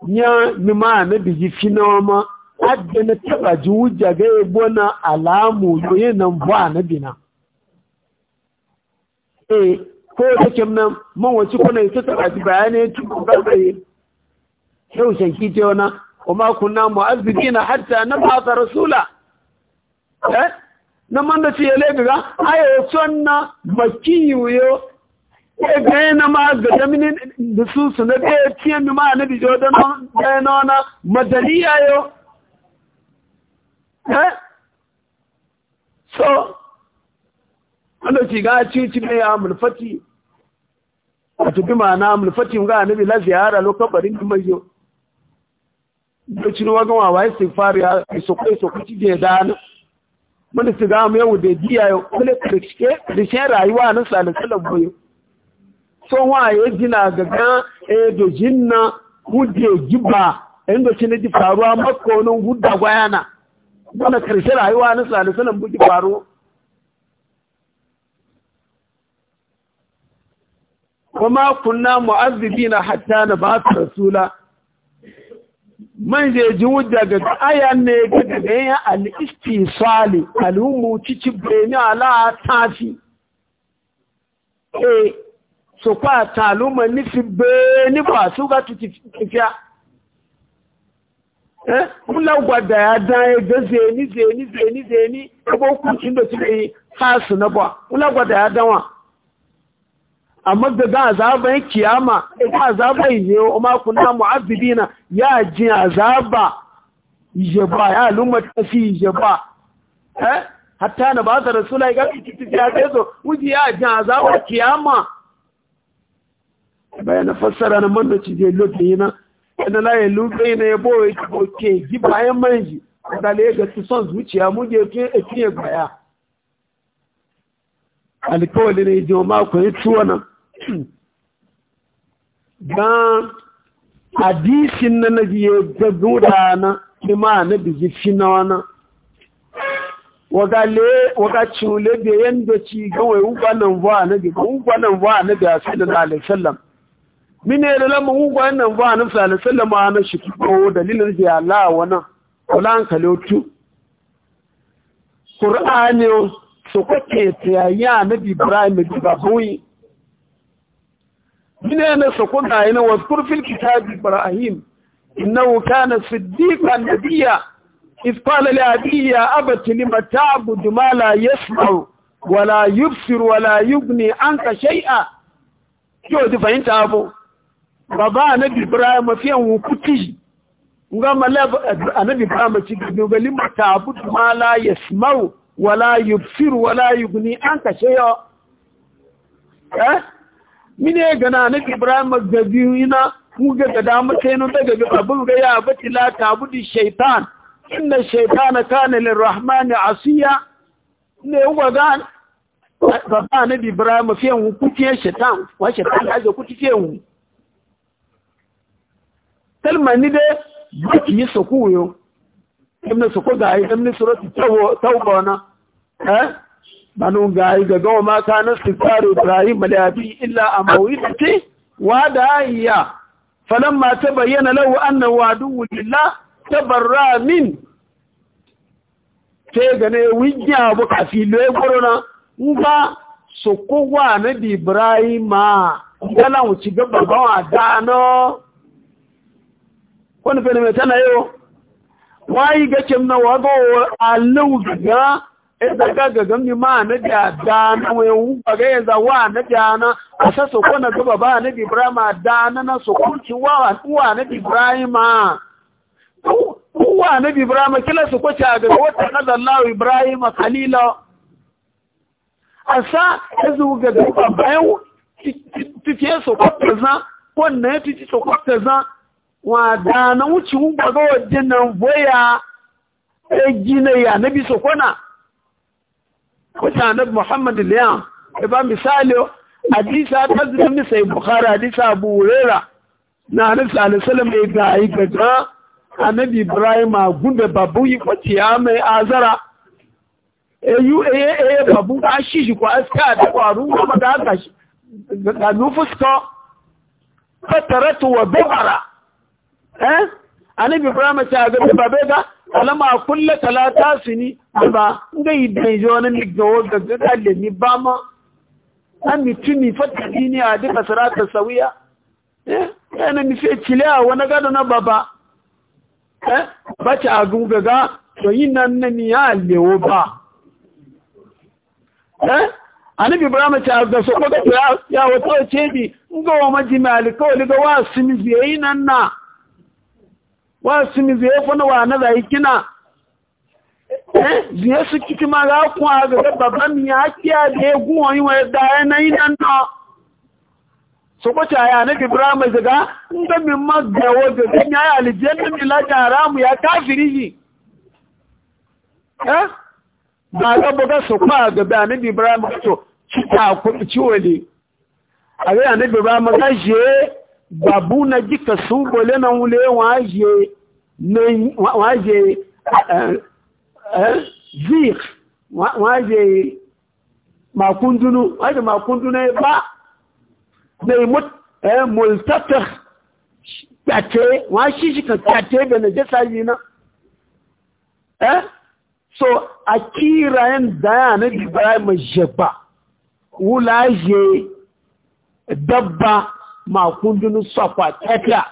ya nima na biji fina ma adda na taba ji wujja ga yabo e na alamu yoyi nan ba na bina eh ko da kem na man ko kuna ita taba ji bayanai tukun garbaye yau shanki ce wana kuma kunna mu'azzibina hatta nab'atha rasula eh na man da ci ya ga ayo sonna yo gaya na ma ga da su su na ɗaya ciyen mi ma na bijo da gaya na wana madaliya yo so wanda ci ga ci ci mai ya mulfati a tubi ma na mulfati ga nabi la ziyara lokacin barin da mai yo da ci ruwa gama wa yi fari ya iso kai so kuci je da na mun su ga mu yau da diya yau kuma da shi rayuwa na sallallahu alaihi wasallam so waye gina gaga e do jinna hude giba inda shi ne ji faruwa makonin gudda gwayana wani karshe rayuwa na salisanan buki faru kuma kunna mu'azzibina hatta na ba su rasula man je ji wujja ga aya ne ga daga ya al-istisali al-umu ci bene ala tafi eh su kwa taluma nufi beni ba su ga tuti fiya eh kula gwada ya dan ya ga zeni zeni zeni zeni ko kuncin da tuke fasu na ba kula gwada ya danwa amma da ga azaban kiyama ga azaban ne o ma kunna mu'azzibina ya ji azaba je ba ya lumma tafi je ba eh hatta na ba da rasula ga kiti ya ce so wuji ya ji azaban kiyama bayan fassara na manna da ci je lobe yana yana laye lobe yana ya boye ke gi bayan manji da le ga su son zuciya mu je ke e ke baya alkawali ne je ma ko yi tuwa nan dan hadisin na nabi ya gaggura na ima na biji na. wana waga cin lebe yadda ci gawai ugbanan vuwa na bi ugbanan vuwa na bi alaihi wasallam mine da lamun ugwayen nan ba na fulani sallama na shi ko dalilin da ya la wani kula an kalotu ƙur'ani su kwake tiyayya na ibrahim da babuyi mine na su kuna yana wasu kurfin kitab ibrahim إذ قال لأبي يا أبت لم تعبد ما لا يسمع ولا يبصر ولا يغني عنك شيئا يوجد fahimta أبو baba anabi ibrahim fi an wukuti nga malab anabi ibrahim ci dogali matabud ma la yasmau wala yubsir wala yugni an ka sheyo eh mine gana anabi ibrahim gabi ina kuga da dama sai no daga abun ga ya bati la tabudi shaytan inna shaytana kana lirrahmani asiya ne uwa ga baba anabi ibrahim fi an wukuti shaytan wa shaytan ga kuti fi an wukuti kalmar ni dai ba ki yi soko yo ibn soko ga yi ibn surati tawo na eh banu ga yi ga gawa ma kana istighfar ibrahim la yabi illa amawiti wa da'iya falamma tabayyana lahu anna wa'du lillah tabarra min te wiya bu abu fi le gorona ba soko wa na ibrahim ma yana wuci gaba ba wa dano wani fere mai tana yau wayi gakin na wago alau gaga idan ga gagan mi ma na da dana wayo baga ya za wa na na? a sa so kona gaba ba na ibrahim dana na so kunci wa wa na ibrahim wa na ibrahim kila su kwace ga wata kadallahu ibrahim khalila asa ezu gaga bayan titiye so kwata za wannan titiye so kwata za wada na wuce ugbaga wajen nan boya ya na ya biso sokona wata abu muhammad liyan ba misali hadisa ta zirmi sai bukhari hadisa abu wurera na hannun salisalam ya ga yi gaga bi ibrahim a gunda babu yi ya mai azara A eye eye babu ba shi shi ko aska da kwaru kuma da aka shi ga nufuska fataratu wa dubara eh ani anabi hurama ta ga ba bai ba alama kullu talata sini ba ngai dai jo nan ni go ga ga le ni ba ma an mi tuni fata dini a duka sarata sawiya eh yana eh, mi sai cilewa wani gado na baba eh ba ci a guga ga to yin nan na ni ya lewo ba eh ani anabi ibrahim ta ga so ko ya ya wato ce bi ngo ma jimali ko liga wa simi biyayin nan na wa simi zai fana wa na zai kina eh? zai su kiki ma ga kun a ga babban ya kiya da ya gun wani wa da ya na nan na so ko ta ya na bibra mai zaga in ga min ma ga wa ga zan ya aljanna mi la haramu ya kafiri ji eh ba ga buga su kwa ga da na bibra mai to ci ta ku ci wale a ga na bibra ga je babu na jika su bole na wule waje eh, eh, zik waje makundunu waje makundunu ba na yi eh, multata kyate wa shi shi ka kyate da na jasa yi na eh so a kirayen daya na mai jeba wulaje dabba makundun sofa tafiya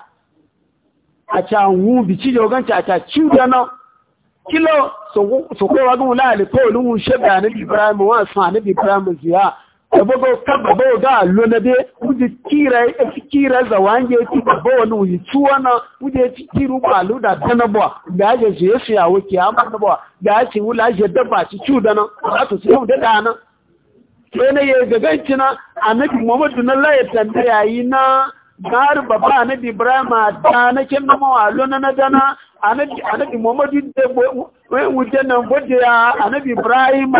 a canwu bici da waganci a caci da nan kilo su kowa gan wula alikawarin wushe da na ibrahim wa sa na ibrahim ziya da bugo kaba bawa ga allo na dai wuje kira ya fi kira zawange ya ci gaba wani wuyi ciwo na wuje ya ci kiru balu da danabuwa da ya je su yawo kiyama da buwa da ya ce wula ya daba ci ciwo da nan a to su yau da da nan to ne ya gaga cina anabi muhammadu na laye tambaya yi na gar baba anabi ibrahim ta na kin na mawalo na nadana annabi annabi muhammadu da wai wuje nan gode ya anabi ibrahim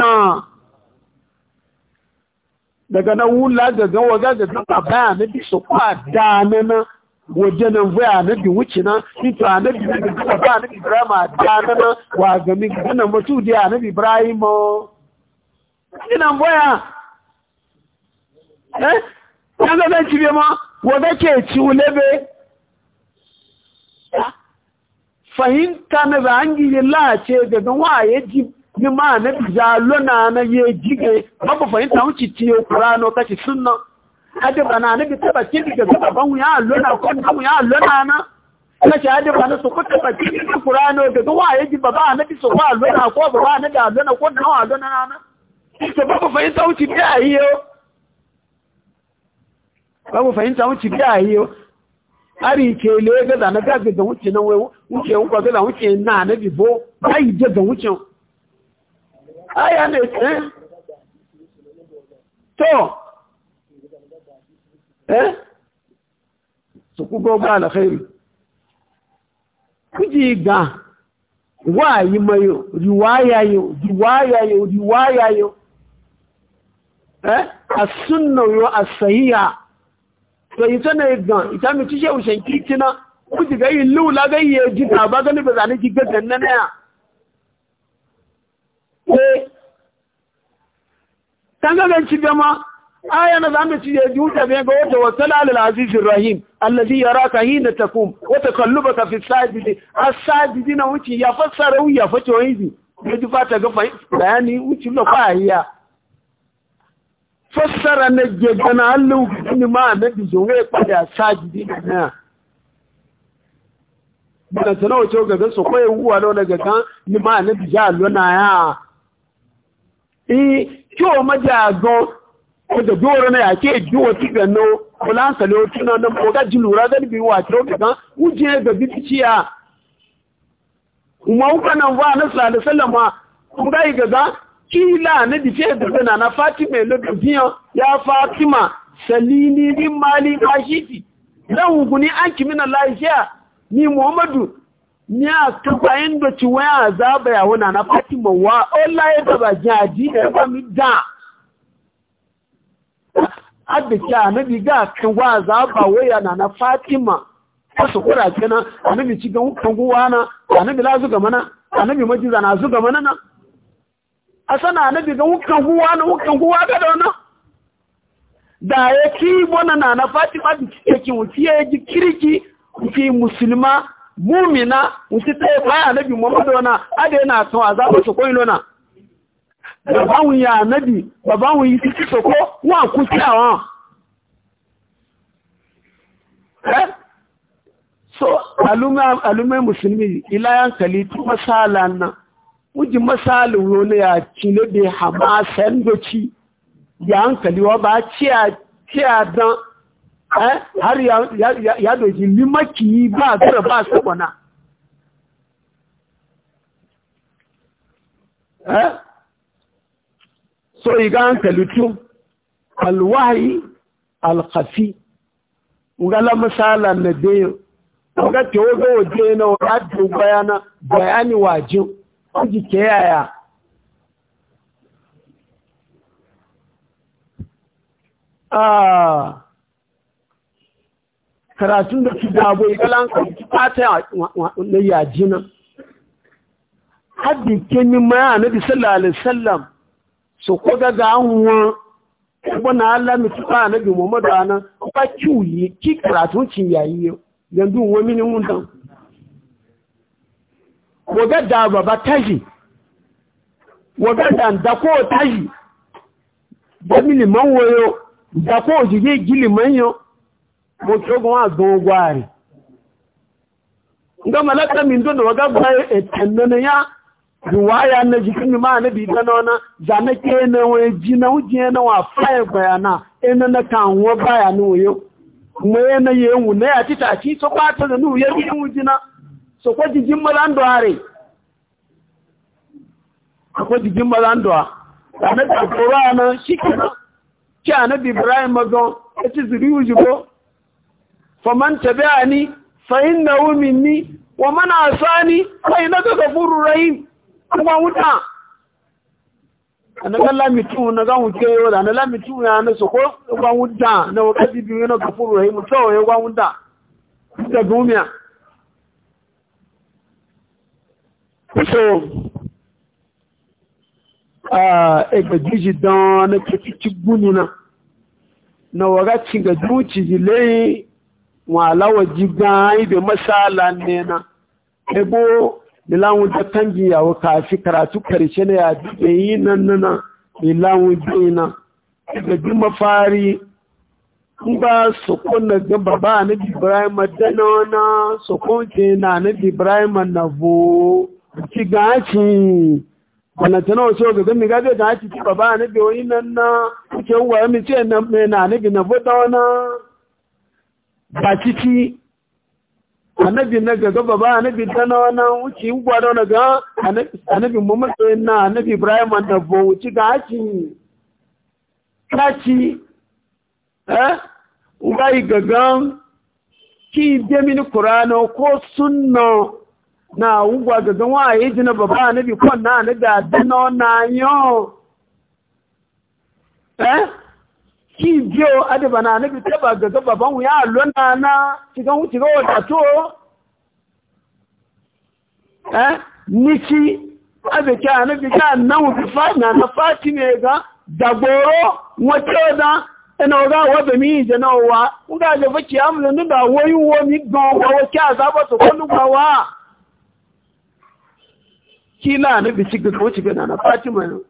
daga na wula gaga waga gaga baba annabi su kwa dana na waje nan wai annabi wuce na ito annabi baba anabi ibrahim ta na na wa gami gaga nan wasu da anabi ibrahim Ina boya ɗan zaben cibe ma wadda ke ci ulebe fahimta na zangi ya lace daga waye ji ni ma na zalona na ye jige babu fahimta wuce ciye kurano kashi sunna adi bana na bi taba kidi daga gaban ya lona ko na mu ya lona na kashi adi bana su ku taba kidi kurano daga waye ji baba na bi su ba lona ko baba na da lona ko na wa lona na ita babu fahimta wuce bi ayiyo ba mu fahimta wuce biya yi ari ke le ga na ga ga wuce nan wai wuce wuka ga da wuce na na bibo ai je ga wuce aya ne eh to eh su ku go ba alkhairi kuji ga wayi mayo riwaya yo riwaya yo riwaya yo eh as-sunnah yo as-sahiha to ita na gan ita mi ci shehu shanki kina ku ji gayi lula gayi ya ji ta ba gani ba zane ki gaggan na naya eh tan ga ganci ma aya na zamu ci ya juta be ga wata wasala al aziz rahim alladhi yaraka hina takum wa ka fi sajid as na wuci ya fassara ya fato yi ji ji fata ga bayani wuci lokwa ya fassara na gegana allahu gini ma na bijo ya kwada saji dina na bana tana wace gaga so kwaye wuwa lo na gaga ni ma na bija lo na ya eh kyo maja go ko da doro na ya ke jiwo tiga no kula ka lo tuna na ko ga jilura da bi wa to gaga uje ga biciya kuma uka nan wa na sallallahu alaihi wasallama kun ga gaga kila ne dice da na na fatima ya lokaciyan ya fatima salini bin mali kashiti dan hukuni an na lafiya ni muhammadu ni a kabayin da ci waya zaba ya wana na fatima wa Allah ya taba jaji da ba mi da adda ki annabi ga kan wa zaba waya na na fatima wasu kura kenan annabi ci ga kan guwana annabi la zuga mana annabi majiza na zuga mana na asana na ga wukan huwa na wukan huwa ga da wannan da ya ci bona na na fatima da ke ci wuci ya ji kirki ki musulma mumina wuce ta fa da muhammadu wana ada yana son azaba su koyi lona da bawun ya bi ba bawun yi su soko wa ku awa. Eh? so alumai musulmi ila yankali tu masalan nan wuji misali wani ya cile bai hamasan doci ya hankali wa ba ciya don eh, har ya doji limaki ba zura ba sabona eh? so iga hankali tun alwahi alkafi ngala Masala na dayo ga tewo ga waje na wa bayana bayani wajin Aji ke yaya. Ah. karatun da su dabo igalan kwanci fata na yaji nan haddin kenyi maya na bisallah alisallam su koga ga hanwa kuma na Allah mutu ba na bi muhammadu ana kwa kiwuyi ki karatun cin yayi yau, yanzu wani ne mun dan waga da baba tashi waga da dako tashi da yo wayo dako ojige giliman yo mo tsogon agbon gwari nga malaka min don waga gwaye etannana ya riwaya na jikin ma na bi da nona zana ke na waye ji na uje na wa faye bayana ina na e kan wa bayanu yo kuma e yana na ya tita so so ko jijin malando are ko jijin malando na ta qur'ana shikina ki annabi ibrahim mazo eti zuri ujubo faman tabi'ani fa innahu minni wa man asani fa innaka ghafurur rahim kuma wuta anaka lami tu na ga wuce yo da na lami tu ya na so ko gwan wuta na wakati biyu na ghafurur rahim to yo gwan wuta da gumiya so a egbejiji don na kikici gunina na wagaci ga duci jile walawa jiga ibe masala nena ebo milawun da tangi wa kafi karatu karshe na ya dube yi nan nana milawun dina egbejin mafari ba sokon na gaba Baba na ibrahim dana na sokon ke na na ibrahim na vo ci gaci kwanata na wasu ga gami gaje da haki kiba ba na biyo yi nan na kuke waye mi ce na mai na nabi na buda wana ba ciki annabi na gaga ba ba annabi dana wana wuce gwada wana ga annabi muhammad sai na annabi ibrahim da bo wuce ga haki kaci eh ubai gagan ki demini qur'ano ko sunna na ugwa gaga nwaanyị ji na baba anabi kọ na adị n'ọna anya eh adịba na anabi taba gaga baba ya alụ na ana cikin wuciga eh abeke anabi ga nan na na fati eh? dagboro na da ina ọgá wọ́bẹ̀ ìjẹ náà ń gáàjẹ̀ fẹ́ gan kí tó kọ́ nígbà kila na bi cikin kawace gana na fatima yau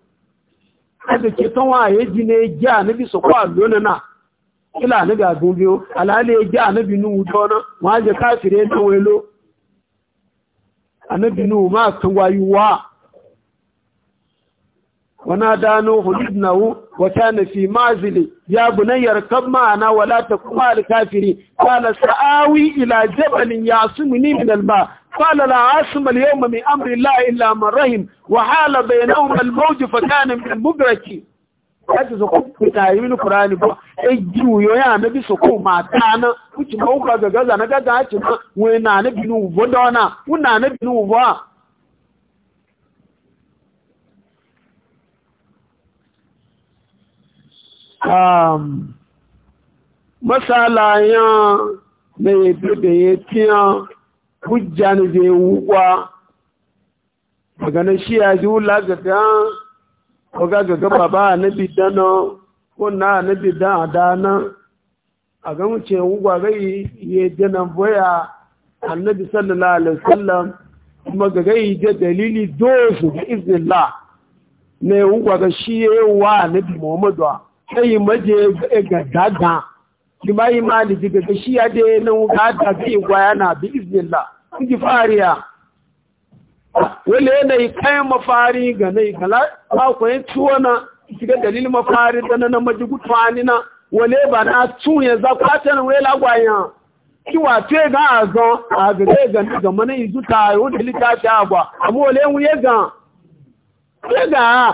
da ke san waye ji ne ya na bi su kwa lona na kila na ga gobe alale ya ya na bi nuhu ta wani je kafire to welo a na bi nu ma wayu wa wana dano hulidnahu wa kana fi mazili ya bunayya ma ana wala kuma al kafiri qala sa'awi ila jabalin yasmini min al ba. قال لا عاصم اليوم من أمر الله إلا من رحم وحال بينهما الموج فكان من المدرك kaji su kuma ta mini kurani ba e juyo ya na bi su ko mata na kuci ma uka ga gaza na gaza ci ma na na binu ubo da wana na binu ubo a masala ya bebe hujja ne da ya wukwa daga na shi ya ji wula ga gan ko ga ga gaba ba na bidana ko na na bidan a dana a ga wuce wukwa ga yi dana boya annabi sallallahu alaihi wasallam kuma ga ga yi da dalili dozu da iznillah ne wukwa ga shi ya yi wa annabi muhammadu sai maje ga daga ma da daga gashi ya dai nan gata zai gwaya na bi iznillah in ji fariya wale yanayi kayan mafari ga nai kala ba ku yin tuwa na shiga dalil mafari da na maji tuwani na wale ba na ku ya za wela wai ki wa ce ga azon a gare ga ni ga mana izu ta yi ta littafi agwa amma wale yin ya ga ya ga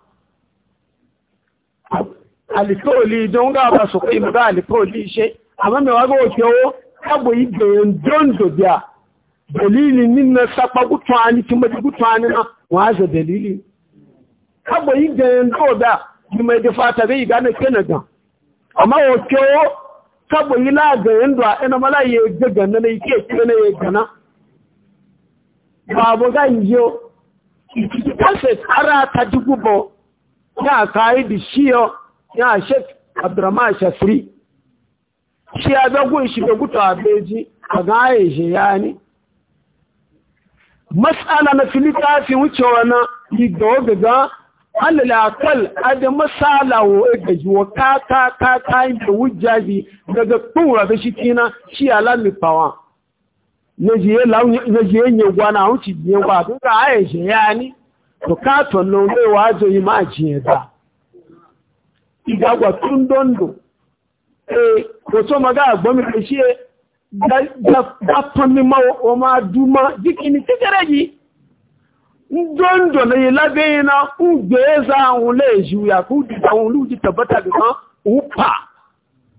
alkawali don ga ba su kai ba alkawali she amma me waga oke o kabo yi da don do biya dalilin nin na sapa gutu ani ti madi gutu ani na wa za dalili kabo yi da do da ni mai da fata bai ga na kenan da amma oke o kabo yi la ga yando a ina mala ye gaga na ne ke kina ne ye gana babu ganjo kaset ara ta dugubo ya kayi da shiyo ya shek abdurrahman shafri shi ya zagun shi da gutu a beji a gaye shi ya ne matsala na wana wucewa na ga gaga alalakal ada matsala wa gaji wa kaka kaka yin da wujjaji daga tura da shi tina shi alamifawa na jiye nye gwana wuce jiye gwa duka a shi ya ne bukatan laurewa ajo yi ma'aji ya da igagwa tun dondo e hoto maga agbomi kashi e dafanni wa ma duma jikini kekere dondo na yi labe yi na ugbe eza ahun le ya ku dida ahun luji tabbata bi kan upa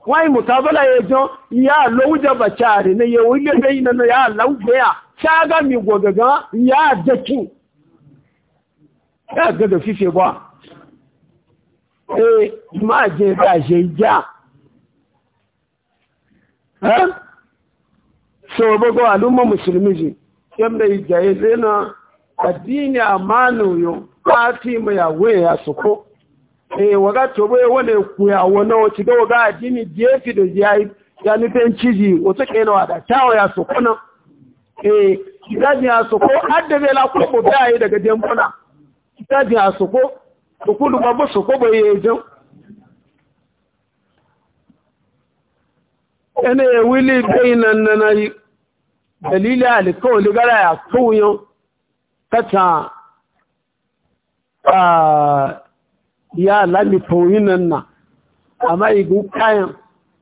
wọ́n ìmùtàbọ́lá ẹjọ́ ìyá lówújọba chàrí ní yẹ̀wò ilé bẹ́yìn nínú ìyá àláwùgbé à ṣáágá mi gbọ̀gẹ̀gán ìyá àjẹ́kìn káàgbẹ́gbẹ́ fífẹ́ wà ẹ máa jẹ bá ṣe já ẹ́ so gbogbo alúmọ̀ musulmi jì yẹ́mdẹ̀ ìjà ilé náà àdíni àmánù yóò káàfí mayàwó ẹ̀yà sọ́kó eh waga to bai na wace addini jefi da yayi ya nufin wato da ya eh, ya soko har da bai la daga jemfuna tẹ́jì àsòkó òkúlù sòkó bó yẹ ẹjọ́ ẹni ìwílì gbẹ́yìn na nana yìí dalilin alikawar ligara ya kawuyan kata ya lamitoyin nan na amma igun kayan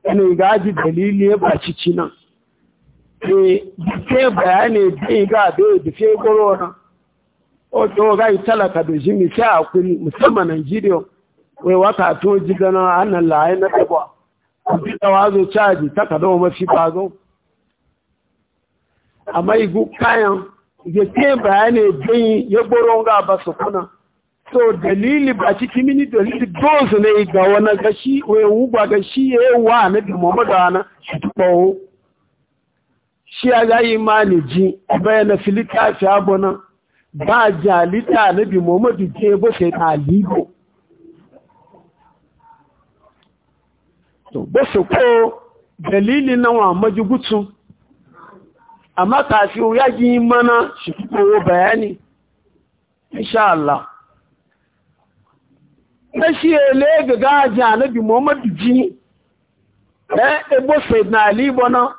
ẹni ìgájì dalili ya baci cinan na bayani bin ga abẹ́ ìdífẹ́ gbọ́rọ̀ náà O oto gai talaka da shi mi sha akuri musamman Najeriya wai waka to ji gana annan laye na tabo bi da wazo caji ta ka dawo mafi bazo amma igu kayan ya ce bayani bin ya gboro ga ba su kuna so dalili ba cikin mini dalili dozu ne ga wani gashi wai wuba gashi ya yi wa na bi muhammadu ana shi tubawo shi ya yi mani ji bayan na filita fi abu nan ba jalita nabi muhammadu ji ba sai talibo to ba su ko na wa majigutu amma kafi ya yi mana shi kowo bayani insha Allah na shi ele ga gaja nabi muhammadu ji ɗan ebo sai na libo na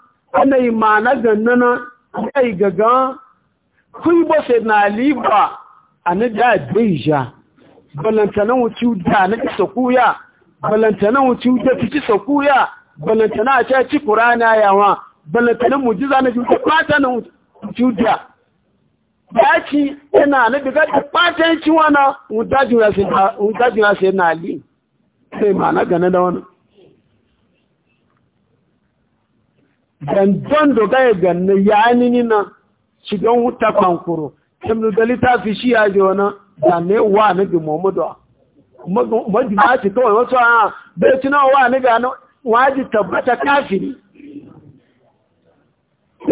gaga kun bo sai na liba a na da beja balantana wuce da na kisa kuya balantana wuce da fi kisa kuya balantana a ci kurana yawa balantana mujiza na juta fata na wuce da ya ci yana na daga da fatan ci wana wudajin ya sai na li sai ma na gane da wani dandan ga ganna ya nini na shigan wuta kwankuro ibn dalita fi shi ya ji wani zane wa na bi muhammadu majimati kawai wasu a bai tuna wa na gano waji tabbata kafiri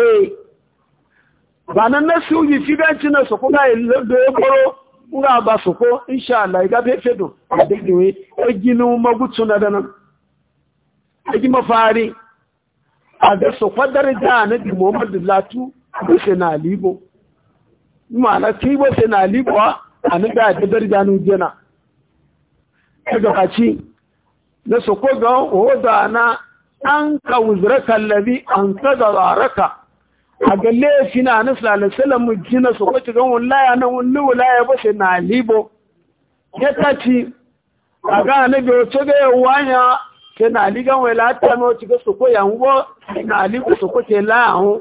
eh ba na su yi figanci na nga ba su ko insha Allah ga be fedo da giwe magutu na danan egi mafari a da su kwadar da na bi muhammadu latu abu sai na libo ma'ana kibo sai na libo a nika da darja nu jena daga kaci na soko ga hoda na an ka wuzraka allazi an ka zararaka a ga laifi na anas lalisalan mu na su kwaci gan wulaya na wulli wulaya ba sai na libo ya kaci, a ga na anabi wato ga yawanya sai na ligan wai latin wato ga su ko yawon na libo su ko ke la'ahun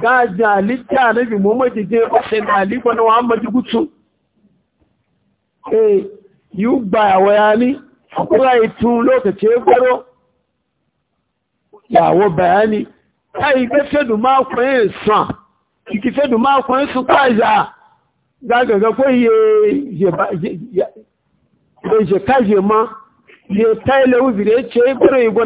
gaja halitta na bi mamaji je ƙasar aliko na muhammadu gutu eh yi ba wayani kura tun lokaci ya gwaro yawo bayani ta yi gafedu makon yin san ikifedu makon yin su kwaja gagaga ko ye je kaje ma ye taile uzire ce ibere igbo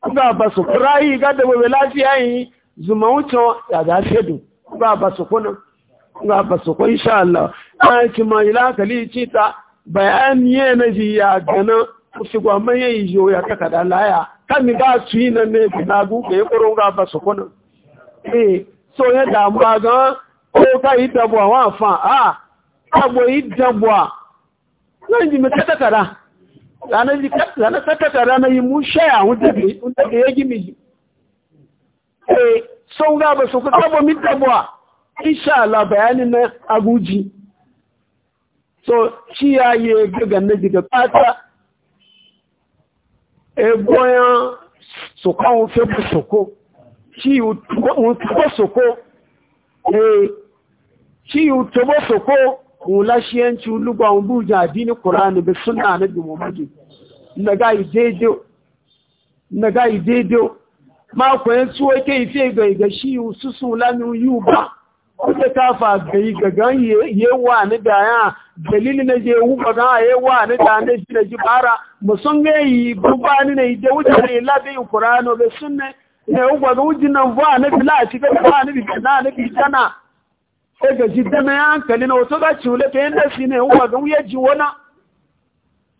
kuga ba su kurayi ga da bai lafiya yi zuma wuce ya ga shedu kuga ba su kuna kuga ba su kun sha Allah an ci ma ila kali ci ta bayan yi na ji ya gana kusi gwamman ya yi yo ya kaka da laya kan ga su yi na ne na gu ga ya kurun ga ba su kuna eh so ya damuwa ga ko ka yi dabuwa wa fa a agbo yi dabuwa nan ji mu ta takara ranar sakata ranar yi mushaya wanda da ya gimi ji eh sun gaba su kuka ba min tabuwa insha Allah bayanin na aguji so shi ya yi gagan na diga fata egoyan su kawo febo soko shi yi tubo soko eh shi yi tubo soko kula shi yanci lugba buja adini kurani bi suna na bi muhammadu na ga yi daidai na ga yi daidai ma koyan suwa ke yi fiye ga ga shi su sulanu yu ba kuke kafa ga yi ga gan yewa ni da ya dalili na je wuba ga yewa ni da ne shi na ji bara musan ga yi guba ni na yi da wuce ne yi kurano bai sunne ne wuba ga wujin nan ba na bi la shi ga ba ni bi na ni bi tana sai ga shi dana ya hankali na wato ga ciwule ta yin da shi ne wuba ga wuye ji wana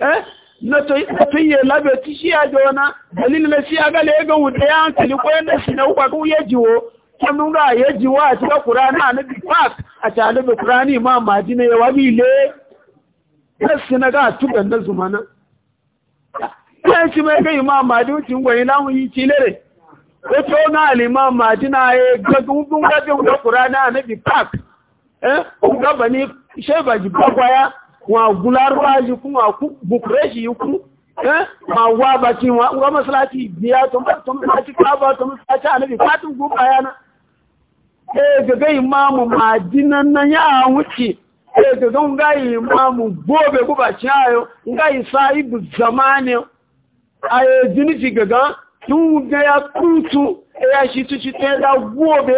eh natuye labe ti shi a jona dalil na shi a gale ga wuta ya hankali ko yadda shi na kwaku ya jiwo kyan nuna ya a cikin kurani a nabi park a cikin kurani ma maji na yawa mile yasi na ga tuban na zumana yan shi mai ga imam maji wucin gwani na na alimam maji na ya ga gungun gajin kurani a nabi park eh shebaji wa gularwa ji ku wa ku bukure shi ku eh ma wa ba ki wa ga masalati biya to ba to ba ki ka ba to ba ta annabi fatin ku bayana eh ga ga imamu madinan nan ya wuce eh ga ga ga imamu gobe ku ba ciyayo ga isa'ibu zamani ayo jiniji ga ga tun ga ya kutu ya shi tuci ta da gobe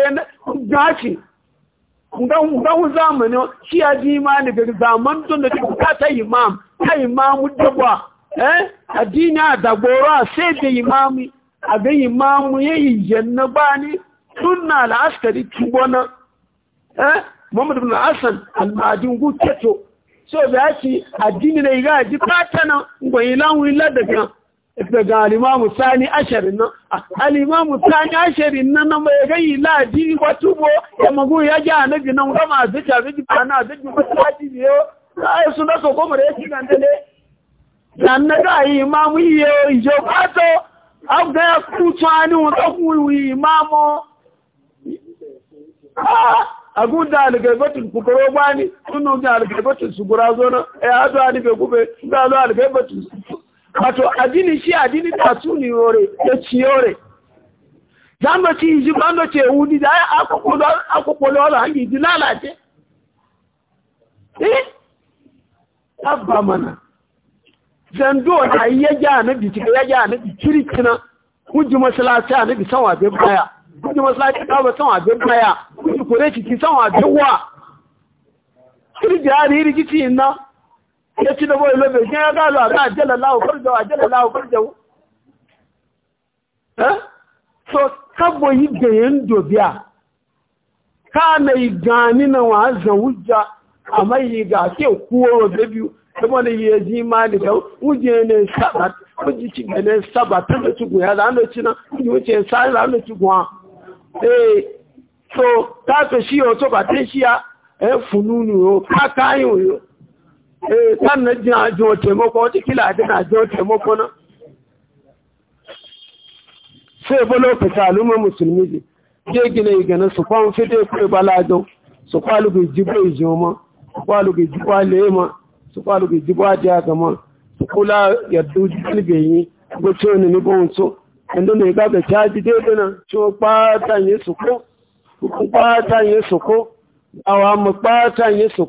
gaci ngan zamani shi ya ji imani ga zaman tun da duk ta ta imam ta imamu dabwa eh addini a gora sai da imami a ga imamu ya yi janna ba ni sunna al'askari tubona eh muhammad ibn hassan al-madin guketo so da shi addini ne ga ji patana ngwayi lawun ladaka daga alimamu sani ashirin nan alimamu sani ashirin nan na mai rai ladi wato bo ya magu ya ji anabi nan gama zuciya zuci ana zuci wasu soko mara ya ci gandale nan na ga ya kutu ani wata kuwa imamu a guda algaibatun kukuro ba ne sun nuka algaibatun su gura zo wato adini shi adini da su ne yore da ciyore za mu ci iji ba mu ce wuni da ya akwakwakwalo wani hangi ji lalace eh abba mana zando na yi ya gya na bi ya gya na bi kirkina kuji masalata na bi sanwa bin baya kuji masalata ta ba sanwa bin baya kuji kore ciki sanwa bin wa kirgiyar yi rikici na ya ci da boye lobe kin ya galo a ga ajalla lahu farjahu ajalla lahu farjahu eh so kabo yi gayen dobiya ka mai gani na wa zawuja amma amai ga ke kuwa da biyu kuma da yi ji ma da kau wuje ne sabat wuje ci ne sabat da ci guya da ando ci na wuje sai da ando ci guwa eh so ta to shi o to ba te shi ya eh fununu o ka kayin o eh sannan jin ajiyar taimako wata kila adana ajiyar taimako na sai ba lokaci al'ummar musulmi ne ke gina igana su kwan fide kai balado su kwalugu jibo ijoma su kwalugu jibo lema su kwalugu jibo adiya gama su kula yardu jibin gocho ne ni bon so ndo ne ga ga chaji de dana cho pa tan yesu ko ko pa tan yesu ko awa mu pa tan yesu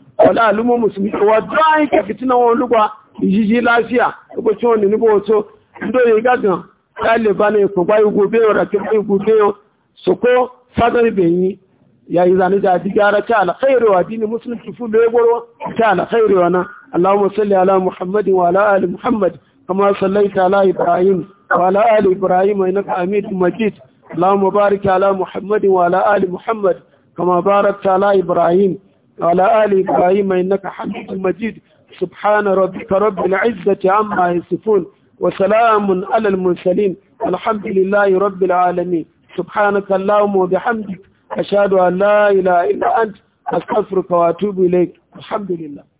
wala alumu musulmi wa dai ka fitina won lugwa yiji lafiya ko to ni bo to ndo yi gagan dale ba ne ko bayu gobe ra ke bayu gobe so ko fadar yi. ya yi zane da digara ta alkhairi wa dini muslim tufu be goro ta alkhairi wa na allahumma salli ala muhammadin wa ala ali muhammad kama sallaita ala ibrahim wa ala ali ibrahim innaka hamidum majid اللهم بارك على محمد وعلى آل محمد كما باركت على إبراهيم وعلى آل إبراهيم إنك حميد مجيد سبحان ربك رب العزة عما يصفون وسلام على المرسلين الحمد لله رب العالمين سبحانك اللهم وبحمدك أشهد أن لا إله إلا أنت أستغفرك وأتوب إليك الحمد لله